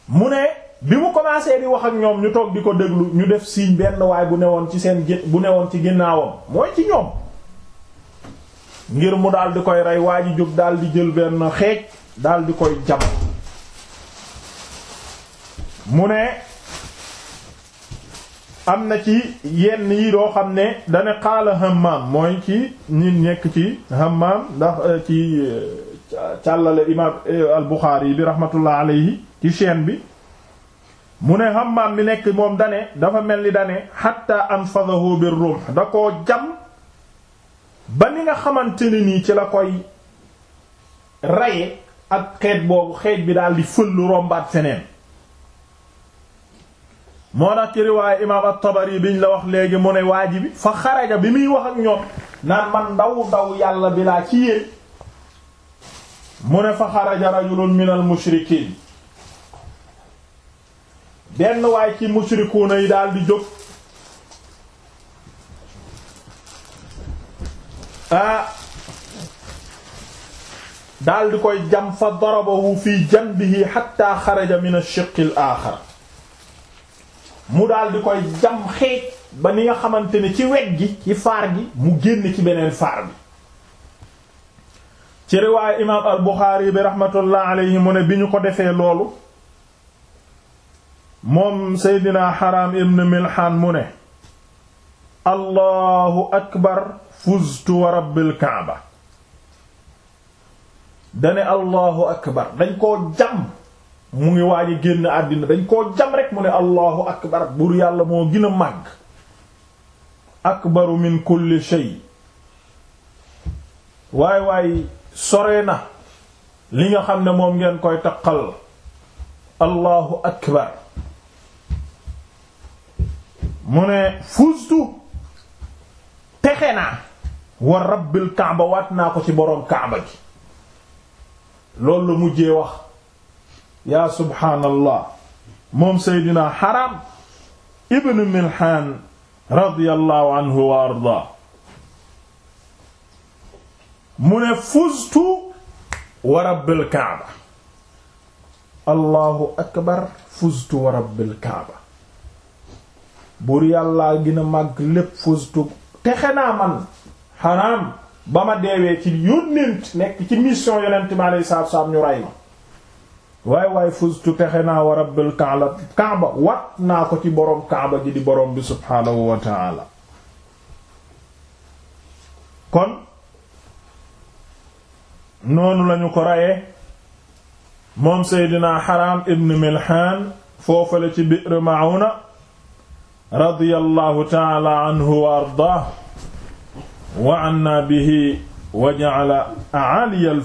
mu ne bi mu commencé di wax ak ñoom ñu toog di ko déglu ñu def signe benn waay bu newoon ci seen bu newoon ci ginnaawam mooy ci ñoom ngir mu daal koy rey waa ji jóg daal di jël benn xeej daal koy jam mu ne am na ci yenn yi doo xam ne dane xaala hammam mooy ci ñi nekk ci hammam ndax euh, ci euh, càllale imam euh, al bi rahmatullah alayhi ci seen bi mu ne hammam bi nekk moom dane dafa mel ni dane hatta anfadahu bir rumh da koo jam ba ni nga xamante ne nii ci la koy raye ak xeet boobu xeet bi daal di fëllu rombaat feneen moo tax imaam at-Tabari biñ la wax léegi mu ne waaji bi fa xaraja bi muy wax ak ñoom man ndaw ndaw yàlla bi laa ci yéen mu ne fa xaraja rajulun min al mushrikiin benn waay ci mushrikuuna yi daal di jóg ah koy jam fa darabahu fi janbihi hatta xaraja min ash-shiqqi al-aaxar mu daal di koy jam xeej ba ni nga xamante ni ci wet gi ci faar gi mu génn ci beneen faar bi ci riwaayu imaam al Buxaari bi rahmatullah mu ne bi ñu ko defee loolu moom Seydina Haram ibn Milhan mu ne allahu akbar fuztu wa rabbil kaaba dane allahu akbar dañ koo jam mu ngi waaj a génn àddina dañ koo jam rek mu ne allahu akbar buur yàlla moo gën a màgg akbaru min kulli shay waay waaye sore na li nga xam ne moom ngeen koy taqal allahu akbar mu ne fustu texe naa wa rabbil kaaba naa ko ci boroom kaaba gi loolu la mujjee wax yaa subhaanallah moom seydina haram ibn milhaan radiyallahu anhu wa ardaa mu ne fuztu wa rabbil allahu akbar fuztu wa rabbil kaaba buur yàllaa gën a màgg lépp fuztu texe naa man haram ba ma deewee ci yónnent nekk ci mission yonent bi alayhi ñu rey waay waay fustu texe naa wa rabbil kaala kaaba wat ko ci boroom kaaba ji di boroom bi subhaanahu wa taala kon noonu lañu ko rayee moom seydina haram ibn milhan foofale ci bi'r ma'una radiyallahu taala anhu wa ardaah wa anna bihi wa ja'ala a'ali al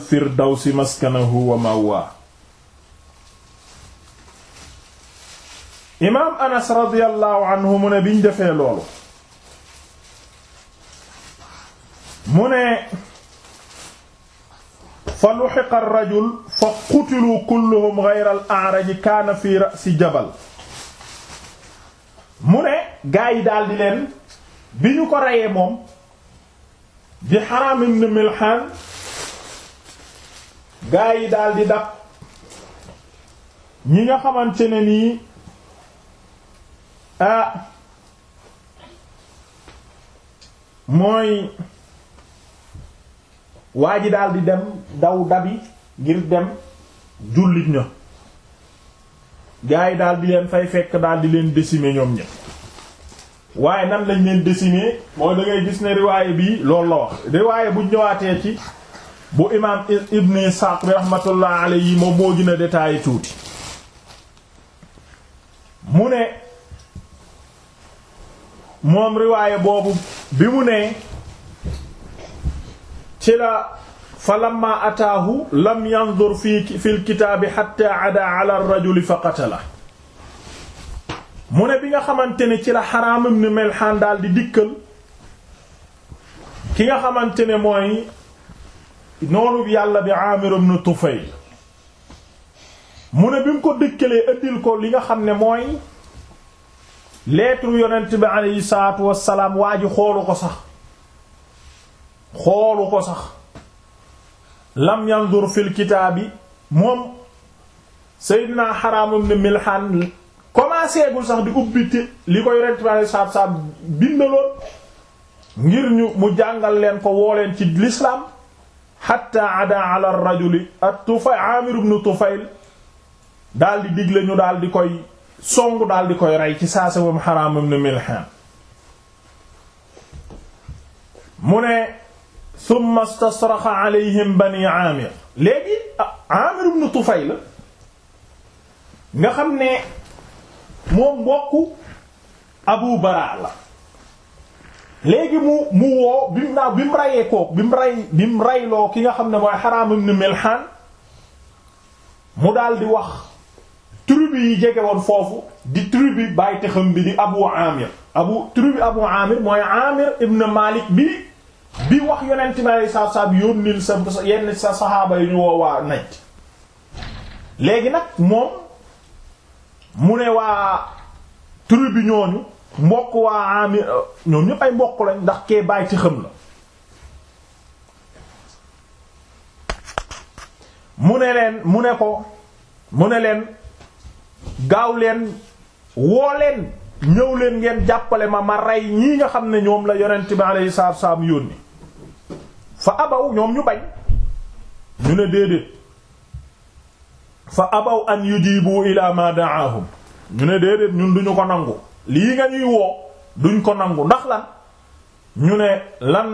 maskanahu wa mawwaa imaam anas radiyallahu anhu mu ne biñ defee loolu mu ne fa luxiqa arrajul fa qutilu kulluhum gayra al araji kaana fi rasi jabal mu ne gaa yi daal di leen bi ñu ko reyee moom di Haraam ibn Milhaan gaa yi daal di dab ñi nga xamante ne nii ah mooy waa ji daal di dem daw dabi ngir dem jullit ña gaa yi daal di leen fay fekk daal di leen décimer ñoom ña waaye nan lañ leen décimer mooy da gis ne riwaaye bii loolu la wax riwaaye bu ñëwaatee ci bu imaam Ibn Isaaq bi rahmatullah alayhi moom moo gën a tuuti mu ne moom riwaaye boobu bi mu nee ci la fa lamma ataahu lam yanzur fi fi lkitaabi xatta ada ala rajuli fa qatala mu ne bi nga xamante ne ci la Haraam ibn Milhaan daal di dikkal ki nga xamante ne mooy noonu yàlla bi Aamir ibn Tufayl mu ne bi mu ko dikkalee ëddil ko li nga xam ne mooy lettre yonent bi aleyhi salaatu wassalaam waa ji xoolu ko sax xoolu ko sax lam yandur fil kitaabi moom Seydina Haraam ibn Milhan commencé gul sax di ubbite li ko yonent bi aleyhi salaatu wassalaam bindaloon ngir ñu mu jàngal leen ko wooleen ci l'islam hatta ada ala rajuli at Tufayl Aamir ibn Tufayl daal di digle ñu daal di koy songu daal di koy rey ci saase moom xaraamam na milhan mu ne thumma stasraxa alayhim bani aamir léegi aamir ibn Tufayl nga xam ne moom mbokku Abu Bara léegi mu mu woo bi mu naaw kook bi mu ray bi ki nga xam ne mooy xaraamam na milhan mu daal di wax tribu yi jege woon foofu di tribu bàyyi texam bi di Abu Amir abu tribu Abu Amir mooy Amir ibn Malik bi bi wax yonent bi alei saatu salaam yónnil sa yenn sa saxaaba yi ñu woo waa Najd léegi nag moom mu ne waa tribu ñooñu mbokk waa Amir ñoom ñëpp ay mbokk lañ ndax kee bàyyi texam la mu ne leen mu ne ko mu ne leen gaaw leen woo ñëw leen ngeen jàppale ma ma rey ñii nga xam ne ñoom la yonent bi alayhi salaatu salaam yónni fa abaw ñoom ñu bañ ñu ne déedéet fa abaw an yujibu ila ma da'ahum ñu ne déedéet ñun duñu ko nangu lii nga ñuy woo duñ ko nangu ndax lan ñu ne lan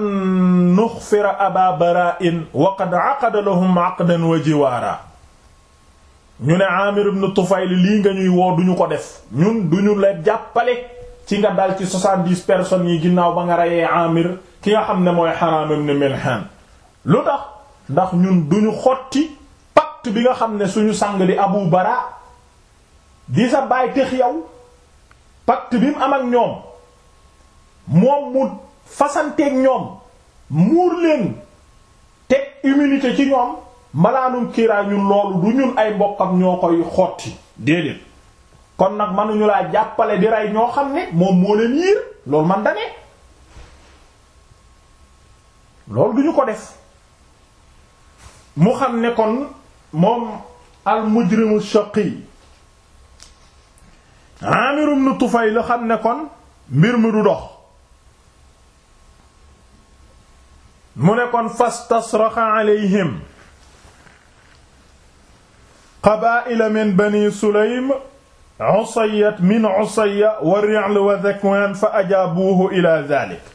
nuxfira aba bara'in wa qad aqada lahum aqdan ñu ne Amir ibn Tufayl lii nga ñuy woo duñu ko def ñun duñu la jàppale ci nga dal ci soixante-dix personnes yi ginnaaw ba nga reyee Amir ki nga xam ne mooy Haram ne Milhan lu tax ndax ñun duñu xotti pacte bi nga xam ne suñu sang di Abu Bara di sa baay tëx yow pacte bi mu am ak ñoom moom mu fasanteeg ñoom muur leen te immunité ci ñoom malaanu kiiraay ñun loolu du ñun ay mbokkam ñoo koy xotti déedéet kon nag mënuñu laa jàppale di rey ñoo xam ne moom moo leen yiir loolu man dane loolu duñu ko def mu xam ne kon moom al mujrimu shaqi Amir ibn Tufayl la xam ne kon mbir mi du dox mu ne kon fastasraxa alayhim qabaa'ila min bani sulaym usayyat min usayya wa ri'l wa dhakwaan fa ajaabuuhu ila dhalik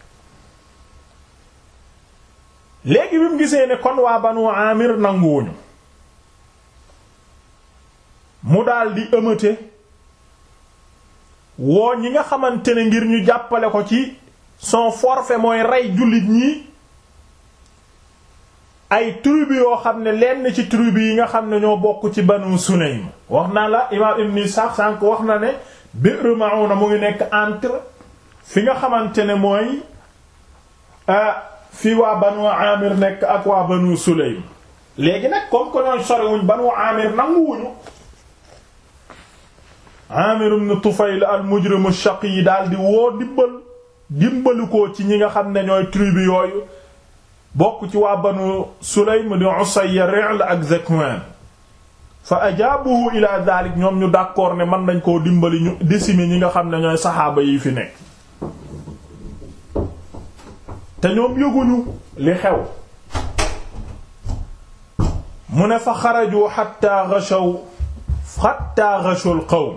léegi bi mu gisee ne kon waa banu amir nanguwuñu mu daldi ëmmate woo ñi nga xamante ngir ñu jàppale ko ci son forfait mooy rey jullit ñi ay tribu yoo xam ne lenn ci tribu yi nga xam ne ñoo bokk ci banu Sulaym wax naa la imaam Ibn Ishaq sànq wax na ne Bi'r na mu ngi nekk entre fi nga xamante ne mooy euh, fii waa banu Amir nekk ak waa banu Sulaym léegi nag comme que ñooy sorewuñ banu Amir nanguwuñu Amir ibn Tufayl al-mujrim ash yi daal di woo dimbal dimbalu ko ci ñi nga xam ne ñooy tribu yooyu. bokk ci waa banu Sulaym di Usayya Ri'l ak Zakwan fa ajaabuhu ila dalik ñoom ñu d'accord ne mën nañ koo dimbali ñu décimer ñi nga xam ne ñooy saxaaba yi fi nekk te ñoom yëguñu li xew mu ne fa xaraju xatta gashaw xatta gashaw al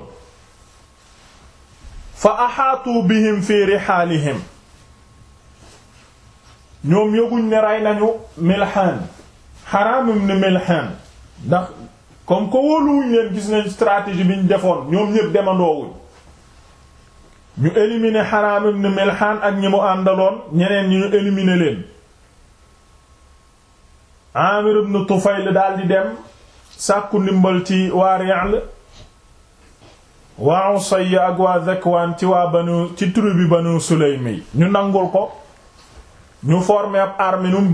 fa axaatu bihim fi rixaalihim ñoom yëguñ ne rey nañu Milhan Haram ibn ndax comme ko wóoluwuñ leen gis nañ stratégie bi ñu defoon ñoom ñëpp demandoowuñ ñu éliminer Haram ibn ak ñi àndaloon ñeneen ñi ñu éliminer leen Amir Tufayl daal di dem sàkku ndimbal ci waa Ri'l waa Usayya ak waa Zakwaan ci waa banu ci tribu bi Banu Sulaym ñu nangul ko ñu formé ab armée nu mu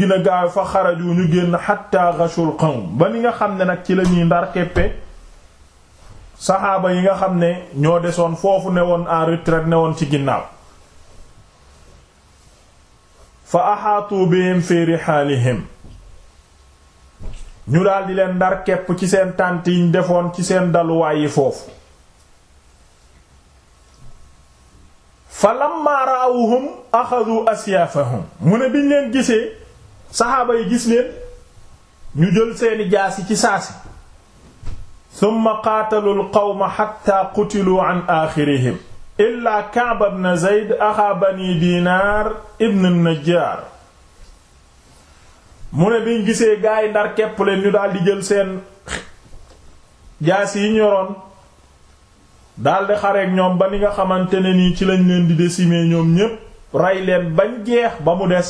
fa a gaaw ñu génn hatta ghashul qawm ba ni nga xam ne nag ci lañuy ñuy ndar keppe saxaaba yi nga xam ne ñoo desoon foofu ne woon en ne woon ci ginnaaw fa ahaatu bihim fi rihaalihim ñu daldi leen ndar kepp ci seen tànt yiñ defoon ci seen daluwaay yi foofu fa lamma raawuhum axadu asyaafahum mu ne biñ leen gisee saxaaba yi gis leen ñu jël seeni jaasi ci saasi summa qaatalu alqawma xatta qutiluu an aaxirihim illa Kaab ibn Zayd axaa bani Dinaar Najjaar mu ne biñ gisee gaay ndar kepp leen ñu daldi jël seen jaasi yi ñoroon daldi xareek ñoom ba ni nga xamante ne nii ci lañ leen di décimer ñoom ñépp rey leen bañ jeex ba mu des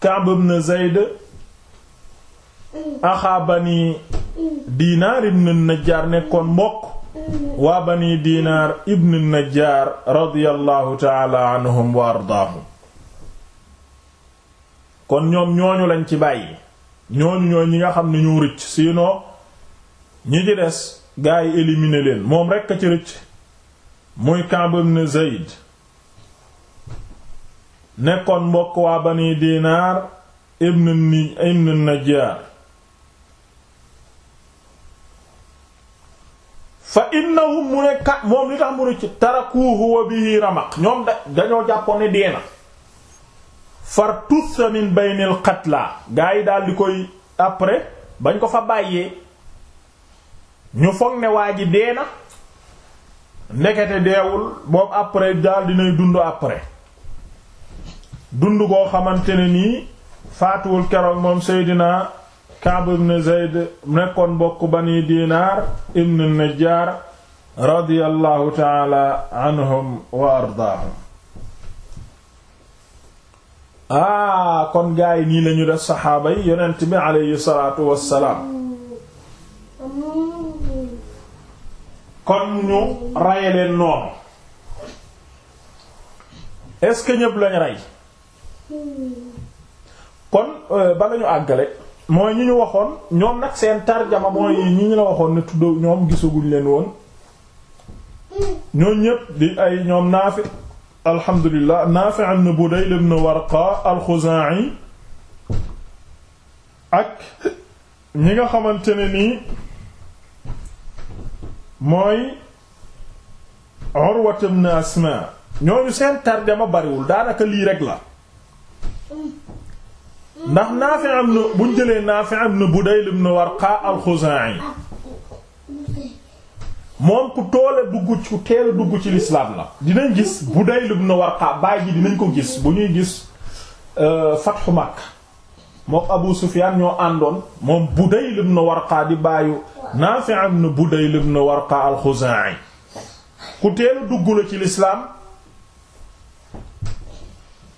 Ka'b ibn Zayd axaa bani Diinaar ibn Najjaar nekkoon mbokk waa bani Diinaar ibn Najjaar radiyallahu ta'ala anhum wa ardaahum kon ñoom ñooñu lañ ci bàyyi ñooñu ñooy ñi nga xam ne rëcc sinon ñi ci des gaa yi éliminer leen moom rekk a ci rëcc muy Kaab ibn Zayd nekkoon mbokk waa Bani Dinaar ibn ibn Najjaar fa innahum mu ne moom li tax mu ne ci tarakuuhu wa bihi ramaq ñoom da dañoo jàppoon ne dee na far tussa baynil qatla gaa yi daal di koy après bañ ko fa bàyyee ñu foog ne waa ji dee na ndekete deewul moom après daal dinay dund après dund koo xamante ne nii faatuwul keroog moom Seydina Kaab ibn nekkoon bokk bani Dinaar ibn Najjaar radiyallahu taala anhum wa ardaahum aa ah, kon gaa yi nii lañu def saxaaba yi yonent bi aleyhi salaatu wassalaam kon ñu reye leen noonu est-ce que ñëpp lañ rey kon euh, ba lañu àggale mooy ñi ñu waxoon ñoom nag seen tarjama mooy ñi ñu la waxoon ne tuddoo ñoom gisaguñ leen woon ñoo ñëpp di ay ñoom naafi alhamdulillah naafi ibn budayl ibn warqa al-khuzai ak ñi nga xamante ne nii mooy Urwat ibn Asma ñooñu seen tarjama bariwul daanaka lii rek la ndax Naafi am na buñ jëlee Naafi am na Budayl ibn Warqa al moom ku toole dugg ku teel dugg ci lislaam la dinañ gis Budayl ibn Warqa baay ji dinañ ko gis bu ñuy gis euh, Fathu Makka moom Abu Sufyan ñoo àndoon moom Budayl ibn Warqa di baayu Nafi' ibn Budayl ibn Warqa al-Khuzaa'i ku teelu dugg la ci lislaam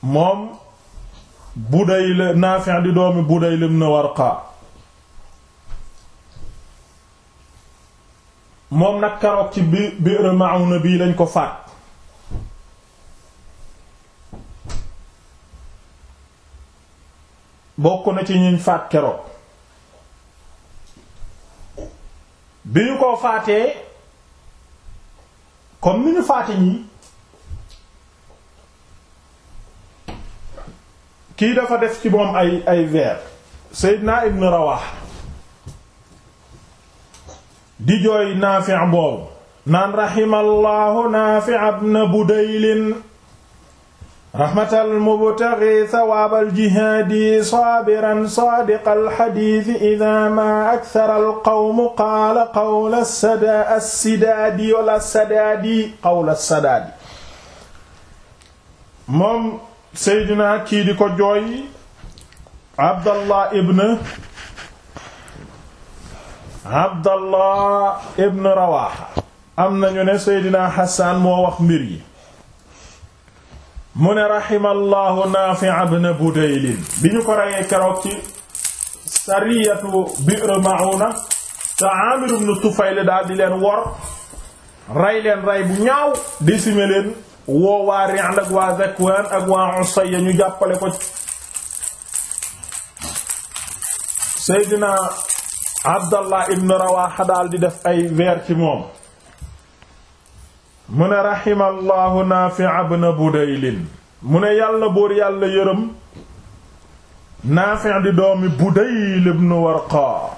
moom Budayl Nafi' di doomi Budayl ibn Warqa moom nag karoog ci Bi'r Ma'una bii lañ ko faat bokk na ci ñuñ faat keroog bi ñu ko faatee kon ni ñu faate ñi kii dafa def ci moom ay ay ver Seydina Ibn Rawah di jooy Naafi' boobu naan rahimallahu Naafi' ibn Budaylin raxmatal mubtaxi sawaabal jihaadi saabiran saadiqal xadiisi idaa maa aksaral qawmu qaala qawla sada assidaadi wala sadaadi qawla sadaadi. moom Seydina kii di ko jooy Abdallah Ibn Abdallah Ibn Rawaaxa am nañu ne Seydina Xassaan moo wax mbir yi. mu ne raximallahu Naafi' ibn Budayl bi ñu ko reyee keroog ci sariyatu Bi'r Ma'una te Aamir ibn Tufayl daal di leen wor rey leen rey bu ñaaw décimé leen woo waa Ri'l ak waa Zakwaan ak waa Usayya ñu jàppale ko Seydina Abdallah ibn Rawaha daal di def ay weer ci moom mu ne raximallahu naafi'a ibn budaylin mu ne yàlla buur yàlla yërëm naafi' di doomi budayl ibn warqa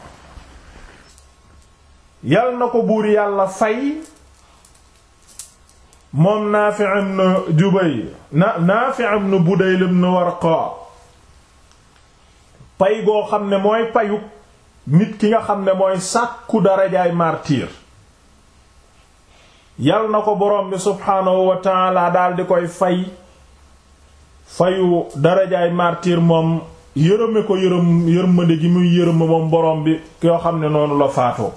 yàlla na ko buur yàlla fay moom naafi' ibn jubay naafi' ibn budayl ibn warqa pay goo xam ne mooy payu nit ki nga xam ne mooy sàkku darajaay martyr yal na ko borom bi subhaanahu wa taala koy fay fayu darajaay martir moom yërëme ko yërëm yërmande muy yërëma moom borom bi koo xam ne noonu la faatoo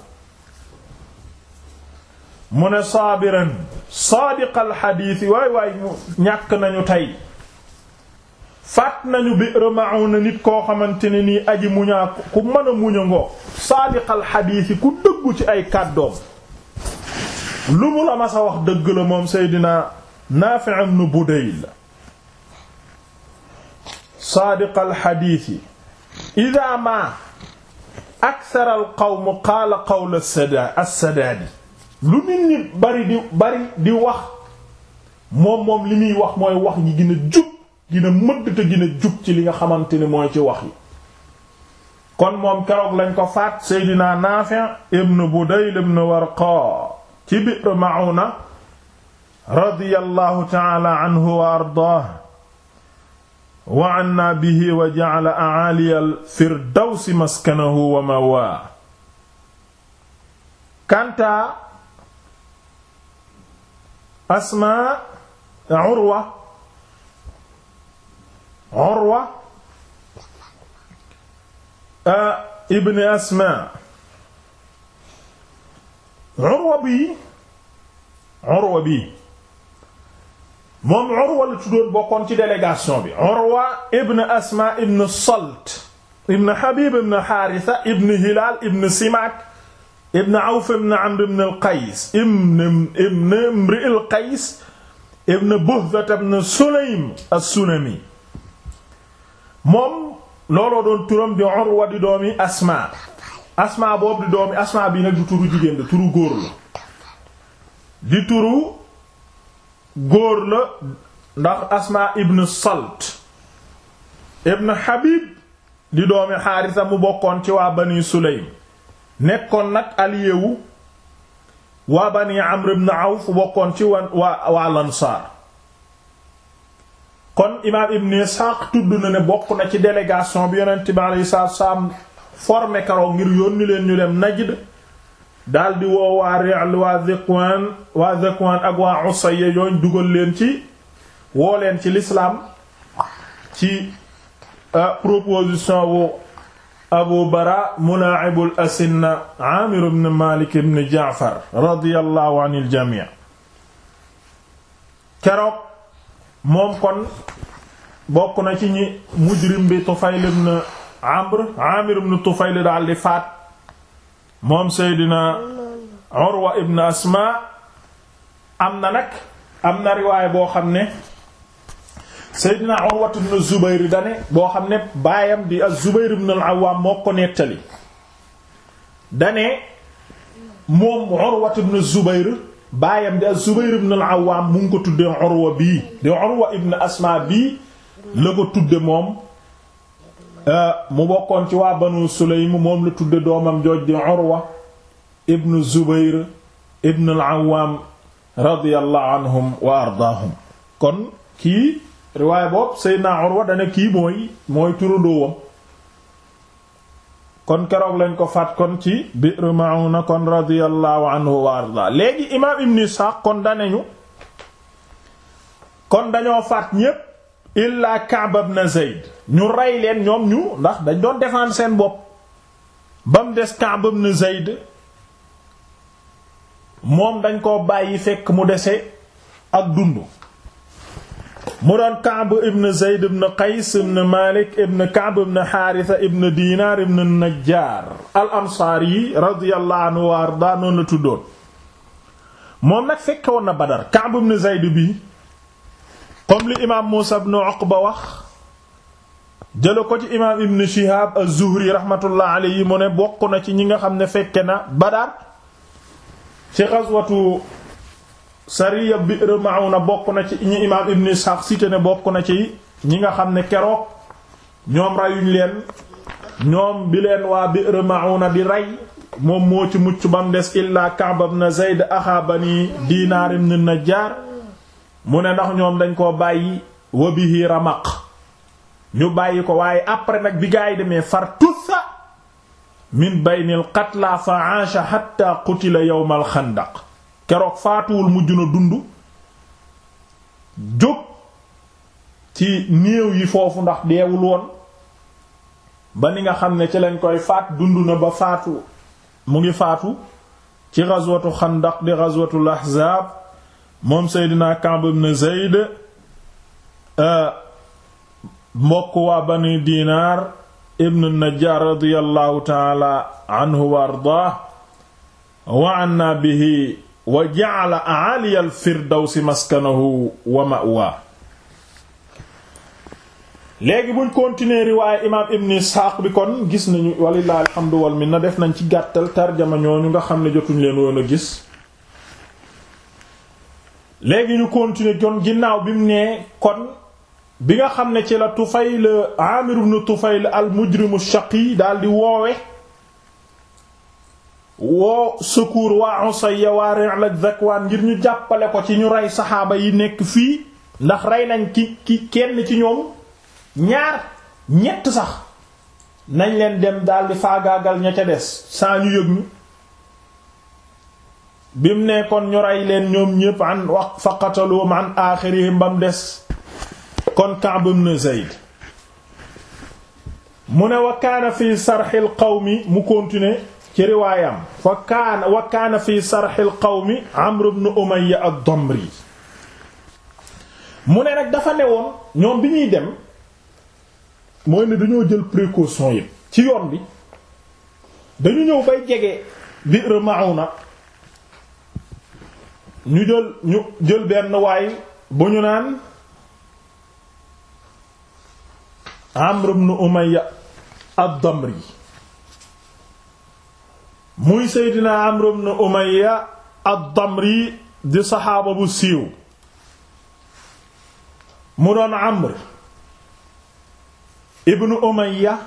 mu ne saabiran saadiqal xadiis waay waay ñàkk nañu tey faat nañu bi rëmaaw na nit koo xamante ne nii aji muñaa ku mën a ngoo saadiqal xadiis ku dëggu ci ay kàddoom lu mu la masa wax dëgg la moom Seydina Naafi ibn Budayl saadiq alxadiis yi ida ma akthar al qawm qaala qawl as-sadaadi lu nit ñi bari di bari di wax moom moom li muy wax mooy wax ñi gën jub gën mëdd te gën jub ci li nga xamante ni mooy ci wax kon moom keroog lañ ko faat Seydina Naafi ibn Budayl ibn Warqa ci Bi'r Ma'una radiyallahu ta'ala anhu wa ardaahu wa anna bihi wa ja'ala a'aaliya al-firdawsi maskanahu wa ma'waahu kantaa Asmaa Urwa Urwa ibn Asmaa Urwa bii Urwa bii moom Urwa la tuddoon bokkoon ci délégation bi Urwa ibn Asma ibn Salt ibn Habib ibn Haritha ibn Hilal ibn Simak ibn Awf ibn Amr ibn al-Qays ibn ibn Imri al-Qays ibn Buhdha ibn Sulaym as-Sulami moom looloo doon turam di Urwa di doomi Asma asma boobu di doomi asma bi nag du turu jigéen la turu góor la di turu góor la ndax asma ibn salt ibn habib di doomi xaarisa mu bokkoon ci waa bani sulaym nekkoon nag aliyewu waa bani amr ibn awf bokkoon ci waa waa lansaar kon imaam ibn isxaaq tudd na ne bokk na ci délégation bi yonent bi alayhi salaatu formé karoo ngir yónni leen ñu dem Najd daal di woo waa Ri'l ak waa Usayya yooñ dugal leen ci woo leen ci lislaam ci euh, proposition wu Abu Bara Mulaa'ibul Asinna Aamir ibn Maalik ibn Ja'far radiyallahu anil jamii keroog moom kon bokk na ci ñi mujrim bi Tufayl ibn amr amir ibn tufayl daal di faat moom seydina urwa ibn ko nettali dane moom urwa ibn zubayr baayam mu ko tudde urwa bii ko tudde moom Euh, mu bokkoon ci waa banu sulaym moom la tudde doomam jooj di urwa ibnu zubayr ibnu al-awwaam radiyallahu anhum wa ardaahum kon kii riwaay boobu seydna urwa dana kii mooy mooy turandoowam kon keroog lañ ko faat kon ci bi'r ma'una kon radiyallahu anhu wa ardaa léegi imaam ibnu isxaaq kon daneñu kon dañoo faat ñépp illaa Ka'b ibn ñu rey leen ñoom ñu ndax dañ doon défendre seen bopp ba mu des Ka'b ibn moom dañ koo bàyyi fekk mu dese ak dund mu doon Ka'b ibn Zayd ibn Qays ibn Malik ibn Ka'b ibn Haritha ibn Dinar ibn Najjar al ansaari radiyallahu bi comme li imaam Muusa ibn Uqba wax jëla ko ci imaam Ibn Shihab az-Zuhri rahmatullah alayhi mu ne bokk na ci ñi nga xam ne fekke na Badar ci ghazwatu sariya Bi'r Ma'una bokk na ci ñi imaam Ibn Ishaq cité ne bokk na ci ñi nga xam ne keroog ñoom reyuñ leen ñoom bi leen waa Bi'r Ma'una di rey moom moo ci mucc bam des illaa Ka'b ibn Zayd axaa Bani Diinaar ibn Najjaar mu ne ndax ñoom dañ koo bàyyi wa bihi ramaq ñu bàyyi ko waaye après nag bi gaa yi demee far tussa min baynil qatla fa aasha hatta qutila yawmal xandaq keroog faatuwul mujj na dund jóg ci néew yi foofu ndax deewul woon ba ni nga xam ne ci lañ koy faat dund na ba faatu mu ngi faatu ci ghazwatu xandaq di ghazwatul ahzaab moom Seydina Ka'b ibn Zayd euh, mbokk waa Bani Dinaar ibn Najjar radiyallahu taala anhu wa ardaah wa anna bihi wa ja'ala a'ali al-firdawsi wa ma'waa léegi buñ continuer riwaaye imaam ibn Isxaaq bi kon gis nañu walillahi alhamdu wal minna def nañ ci gàttal tarjama ñooñu nga xam ne jotuñ leen woon gis léegi ñu continuer jon ginnaaw bi mu nee kon bi nga xam ne ci la Tufayl Amir ibn Tufayl al mujrimu shaqi daal di woowe woo secours waa Usayya waa Ri'l Dhakwaan ngir ñu jàppale ko ci ñu rey saxaaba yi nekk fii ndax rey nañ ki ki kenn ci ñoom ñaar ñett sax nañ leen dem daal di faagaagal ña ca des saa ñu yëg ñu bim ne kon ñu leen ñoom ñépp an wax fa qataluhum an aaxirihim des kon Ka'b ibn Zayd mu ne wa kaana fi sarxil qawmi mu continuer ci riwaayam fa kaana wa kaana fi sarxil qawmi Amr ibn Umayya ad-Damri mu ne nag dafa newoon ñoom bi ñuy dem mooy ne dañoo jël précaution yi ci yoon bi dañu ñëw bay jege Bi'r Ma'una ñu jël ñu jël benn waay bu ñu naan Amr ibn Umayya ad-Damri muy Seydina Amr ibn Umayya ad-Damri di saxaaba bu siiw mu doon Amr ibn Umayya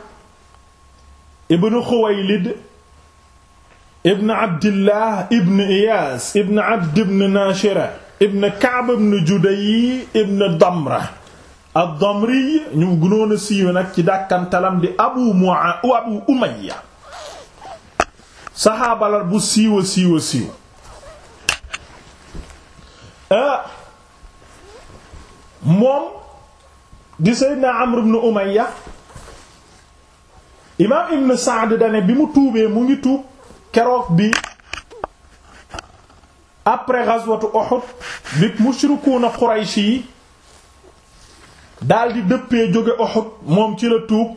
ibn Xuwaylid ibn abdillah ibn iyaas ibn abd ibn ibn kaab ibn judayi ibn damra ad ñu gënoon a nag ci dàkkantalam di abu mu'a abu umayya saxaaba bu siiwa siiwa siiwa ah, moom di sayyidina amr ibn umayya imaam ibn sa'd dane bi mu tuubee mu ngi tuub keroog bi après ghazwatu Uhud bi mushrikuuna Qurayshi yi daal di dëppee jóge Uhud moom ci la tuub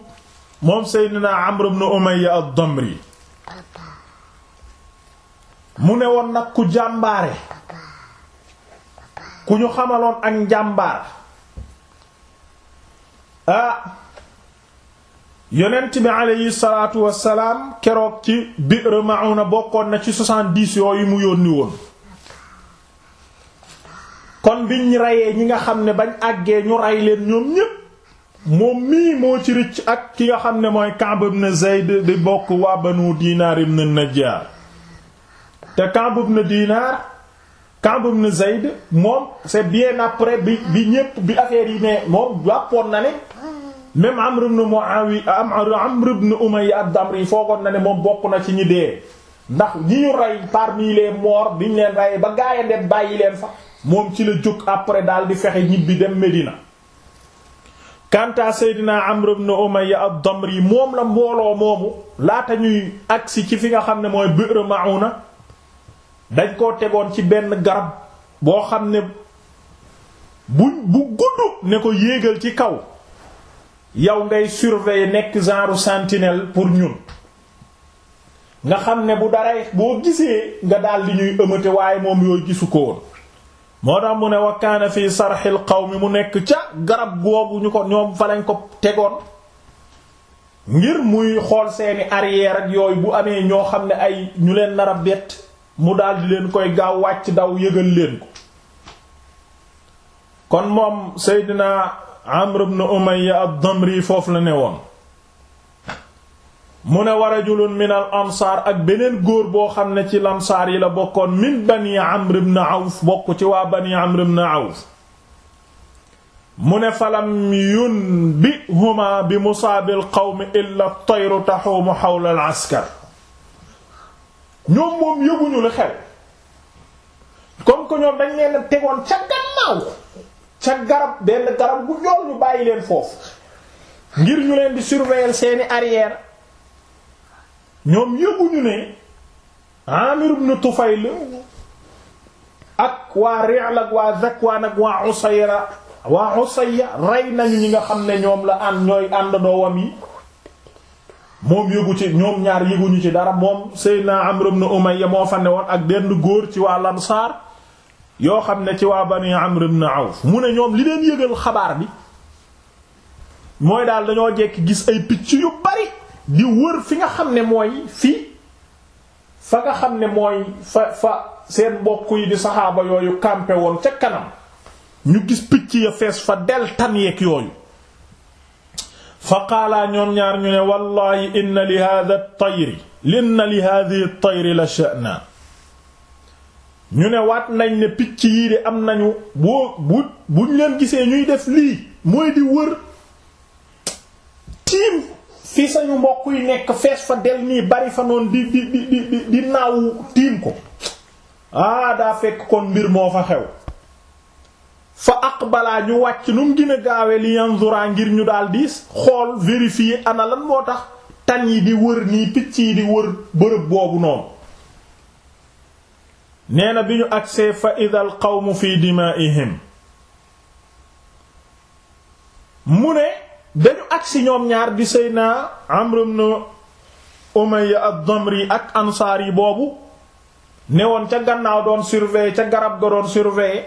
moom Seydina Amr ibn Umayya ad-Damri mu ne woon nag ku jàmbaare ku ñu xamaloon ak njàmbaar ah, yonent bi aleyhi salaatu wassalaam keroog ci bi'r na bokkoon na ci soixante-dix yooyu mu yónni woon kon biñ rayee ñi nga xam ne bañ àggee ñu rey leen ñoom ñépp moom mii moo ci rëcc ak ki nga xam ne mooy Ka'b ibn Zayd di bokk waa Banu Dinaar na Najjaar te Ka'b na Dinaar Ka'b ibn Zayd moom c'est bien après bi bi ñépp bi affaire yi ne moom jàppoon na ne même Amr ibn Muawiya Amr yi Umayya ad yi foogoon na ne moom bokk na ci ñi dee ndax ñi ñu rey parmi les morts biñ leen reyee ba gaaya dem bàyyi leen fa moom ci la jóg après daal di fexe ñibbi dem Medina kanta Seydina Amr yi ab ad yi moom la mbooloo moomu laata ñuy agsi ci fi nga xam ne mooy Bi'r Ma'una dañ koo tegoon ci benn garab boo xam ne bu bu gudd ne ko yéegal ci kaw yow ngay surveiller nekk genre sentinelle pour ñun nga xam ne bu dara boo gisee nga daal ñuy ëmate waaye moom yooyu gisu ko woon moo tax mu ne wa kaana fii sarxil xaw mi mu nekk ca garab googu ñu ko ñoom fa ko tegoon ngir muy xool seeni arrière ak yooyu bu amee ñoo xam ne ay ñu leen nar bett mu daal leen koy gaaw wàcc daw yëgal leen ko kon moom Seydina Amr ibn Umayya ad foofu la ne woon mu ne wa rajulun min al ak beneen góor boo xam ne ci lamsaar yi la bokkoon min bani Amr ibn Awf bokk ci waa bani Amr ibn Awf mu ne falam yunbihuma bi musaabil qawmi illa tayru taxuumu xawla al askar ñoom moom yëguñu li xew comme que ñoom dañ leen tegoon ca gannaaw ca garab benn garab gu yool ñu bàyyi leen foofu ngir ñu leen di surveiller seeni arrière ñoom yëguñu ne Amir ibn Tufayl ak waa Ri'l ak waa Zakwaan ak waa Usayra waa Usayya rey nañu ñi nga xam ne ñoom la ànd ñooy àndandoowam yi moom yëgu ci ñoom ñaar yëguñu ci dara moom Seydina Amr ibn Umayya moo fa ne woon ak benn góor ci waa Ansaar yoo xam ne ci waa bani Amr ibn Awf mu ne ñoom li leen yëgal xabaar bi mooy daal dañoo jekki gis ay picc yu bari di wër fi nga xam ne mooy fi fa nga xam ne mooy fa fa seen mbokk yi di saxaaba yooyu campé woon ca kanam ñu gis picc ya fees fa del tan yeeg yooyu fa qaalaa ñoom ñaar ñu ne wallahi inna li hadha tayri inna li hadhihi tayri la sha'na ñu ne waat nañ ne picc yii di am nañu boo bu buñ leen gisee ñuy def lii mooy di wër tiim fi sañu mbokk yi nekk fees fa del nii bari fa noonu di di di di di tiim ko ah daa fekk kon mbir moo fa xew fa aqbalaa ñu wàcc nu mu gën a gaawe li ngir ñu daal di xool vérifier ana lan moo tax tan yi di wër nii picc yi di wër bërëb boobu noonu nee na bi ñu agsee fa idal qawmu fi dimaa'ihim mu ne dañu agsi ñoom ñaar di Seydina na ibn Umayya ad-Damri ak ansaar yi boobu newoon ca gannaaw doon surveiller ca garab ga doon surveiller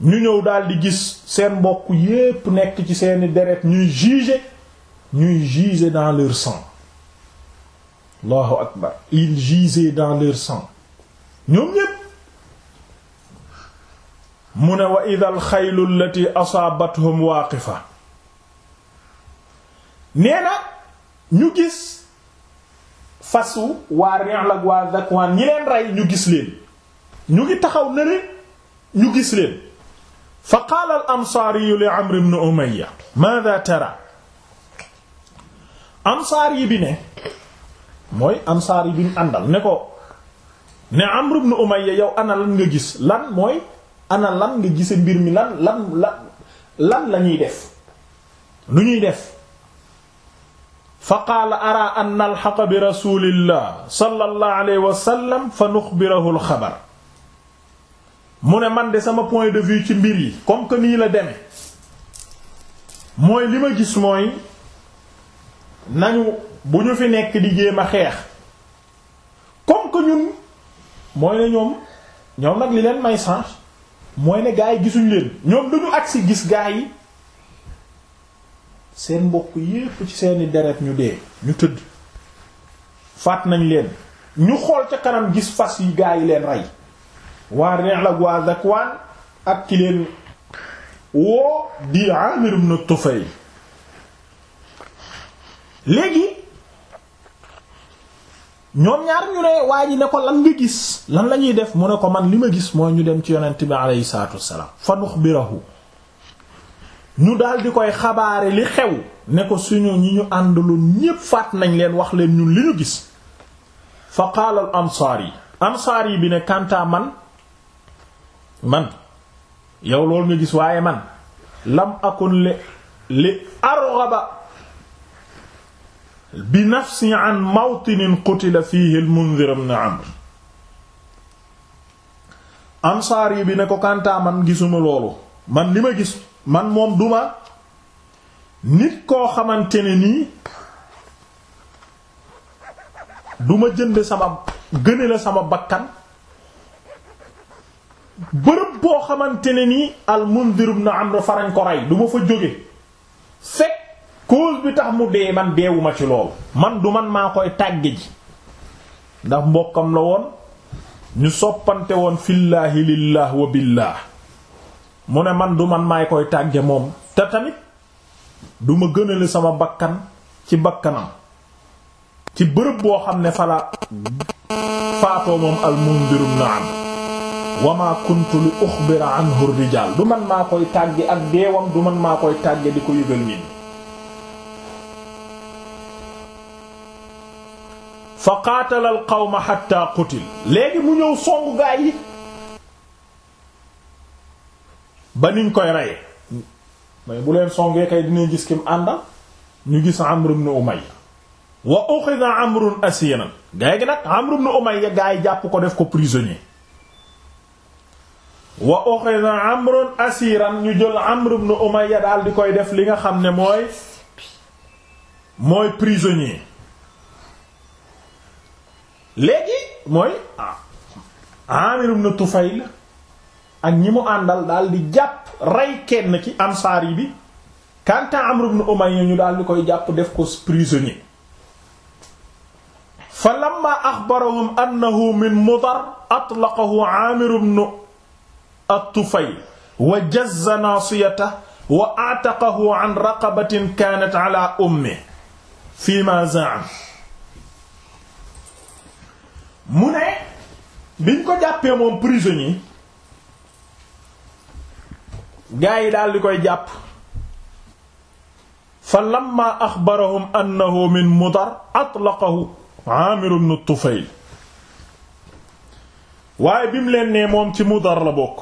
ñu ñëw daal di gis seen mbokk yépp nekk ci seeni deret ñuy juger ñuy giser dans leur sang dans leur sang ñoom ñépp mu ne wa idha al xaylu allati asaabathum waaqifa nee na ñu gis fasu waa Ri'l waa Dhakwaan ñi leen rey ñu gis leen ñu ngi taxaw nare ñu gis leen fa qaala al ansaari li Amr ibn Umayya maadha tara ansaar bi ne mooy ansaar bi mu àndal ne ko ne Amr ibn Umayya yow ana lan nga gis lan mooy ana lan nga gise mbir mi lan lan lan lan la ñuy def lu ñuy def fa qaala ara an nalxaqa bi rasulillah sallallahu alayhi wa sallam fa nuxbirahu alxabar mu ne man de sama point de vue ci mbir yi comme que nii la deme mooy li ma gis mooy nañu bu ñu fi nekk di jéem a xeex comme que ñun mooy ne ñoom ñoom nag li leen may change mooy ne gaa yi gisuñu leen ñoom duñu agsi gis gaa yi seen mbokk yépp ci seeni deret ñu dee ñu tëdd faat nañ leen ñu xool ca kanam gis fas yi gaa yi leen rey waa Ri'l ak waa Zakwaan ak ki leen woo di Aamir ibn Tufayl léegi ñoom ñaar ñu ne waa ji ne ko lan nga gis lan la ñuy def mu ne ko man li ma gis mooy ñu dem ci yonent bi aleyhi salaatu wassalaam fa nuxbirahu ñu daal koy xabaare li xew ne ko suñu ñi ñu àndaloon ñépp faat nañ leen wax leen ñun li ñu gis fa qaala al ansaar yi ansaar yi bi ne kantaa man man yow loolu nga gis waaye man lam akun li li arghaba bi nafsi an mawtinin qutila fiihi al-Mundhir ibn Amr ansaar yi bi ne ko kantaa man gisuma loolu man li ma gis man moom duma nit koo xamante ne nii duma jënd sama gëne la sama bakkan bërëb boo xamante ne nii al Mundhir ibn Amr farañ ko rey duma fa jóge fekk cause bi tax mu dee man deewuma ci loolu man du man maa koy tàgge ji ndax mbokkam la woon ñu soppante woon fillaahi lillaah wa billaah mu ne man du man maay koy tàgge moom te tamit du ma gënale sama bakkan ci bakkanam ci bërëb boo xam ne fala faatoo moom almundirum na am wa ma kuntu li uxbira anhu rijaal du man maa koy tàgge ak deewam du man maa koy tàgge di ko yëgal nit fa qaatala al qawma hatta qutil léegi mu ñëw songu gaa yi ba nuñ koy reye mais bu leen songee kay dinañ gis kim àndal ñu gis Amr ibn Umayya wa ukhidha Amrun asiran gaa yi nag Amr ibn Umayya gaa yi jàpp ko def ko prisonnier wa ukhidha Amrun asiran ñu jël Amr ibn Umayya daal di koy def li nga xam ne mooy mooy prisonnier léegi mooy Amir ibn Tufayl ak ñi mu àndal daal di jàpp rey kenn ci ansaar yi bi kanta Amr ibn Umayya ñu daal di koy jàpp def ko prisonnier fa lamma axbarahum annahu min Mudar atlaqahu Amir ibn at-Tufayl wa jazza naasiyatahu wa a'taqahu an raqabatin kaanat ala ummihi fiimaa za'ama mu ne biñ ko jàppee moom prisonnier gaa yi daal di koy jàpp fa lamma axbarahum annahu min Mudar atlaqahu Aamir ibn Tufayl waaye bi mu leen nee moom ci Mudar la bokk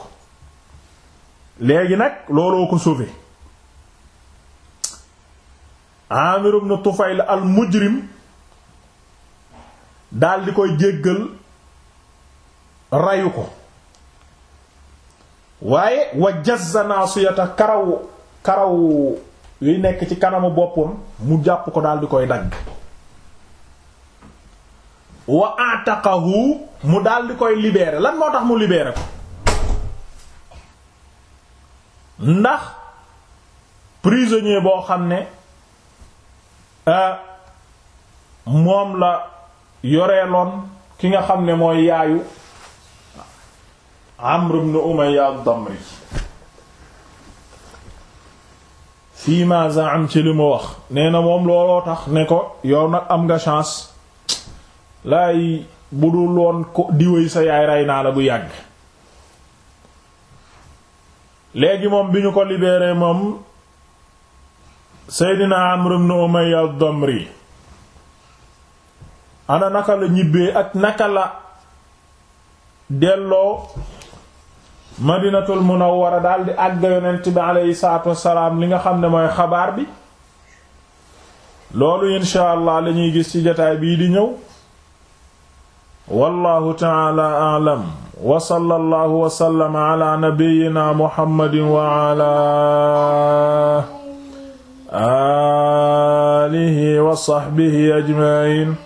léegi nag looloo ko sauvé Aamir ibn Tufayl al daal di koy jéggal rayu ko waaye wa jazza naasiyata karaw karaw yuy nekk ci kanamu boppam mu jàpp ko daal di koy dagg wa ataqahu mu daal di koy libérer lan moo tax mu libérer ko ndax prisonnier boo xam ne euh, moom la yore yoreeloon ki nga xam ne mooy yaayu Amr ibn Umayya ad-Damri fii ma za'am ci li mu wax nee na moom looloo tax ne ko yow nag am nga chance lay bu dul woon ko diwéy sa yaay rey naa la bu yàgg léegi moom bi ñu ko libéré moom Seydina Amr ibn Umayya ad-Damri ana naka la ñibbee ak naka la delloo madinatul munawwara daal di àgga yonent bi aleyhi salaatu wassalaam li nga xam ne mooy xabaar bi loolu insha allah la ñuy gis ci jotaay bii di ñëw wallahu taala a'lam wa sallallahu wa ala nabiyyina muhammadin wa ala wa sahbihi ajma'in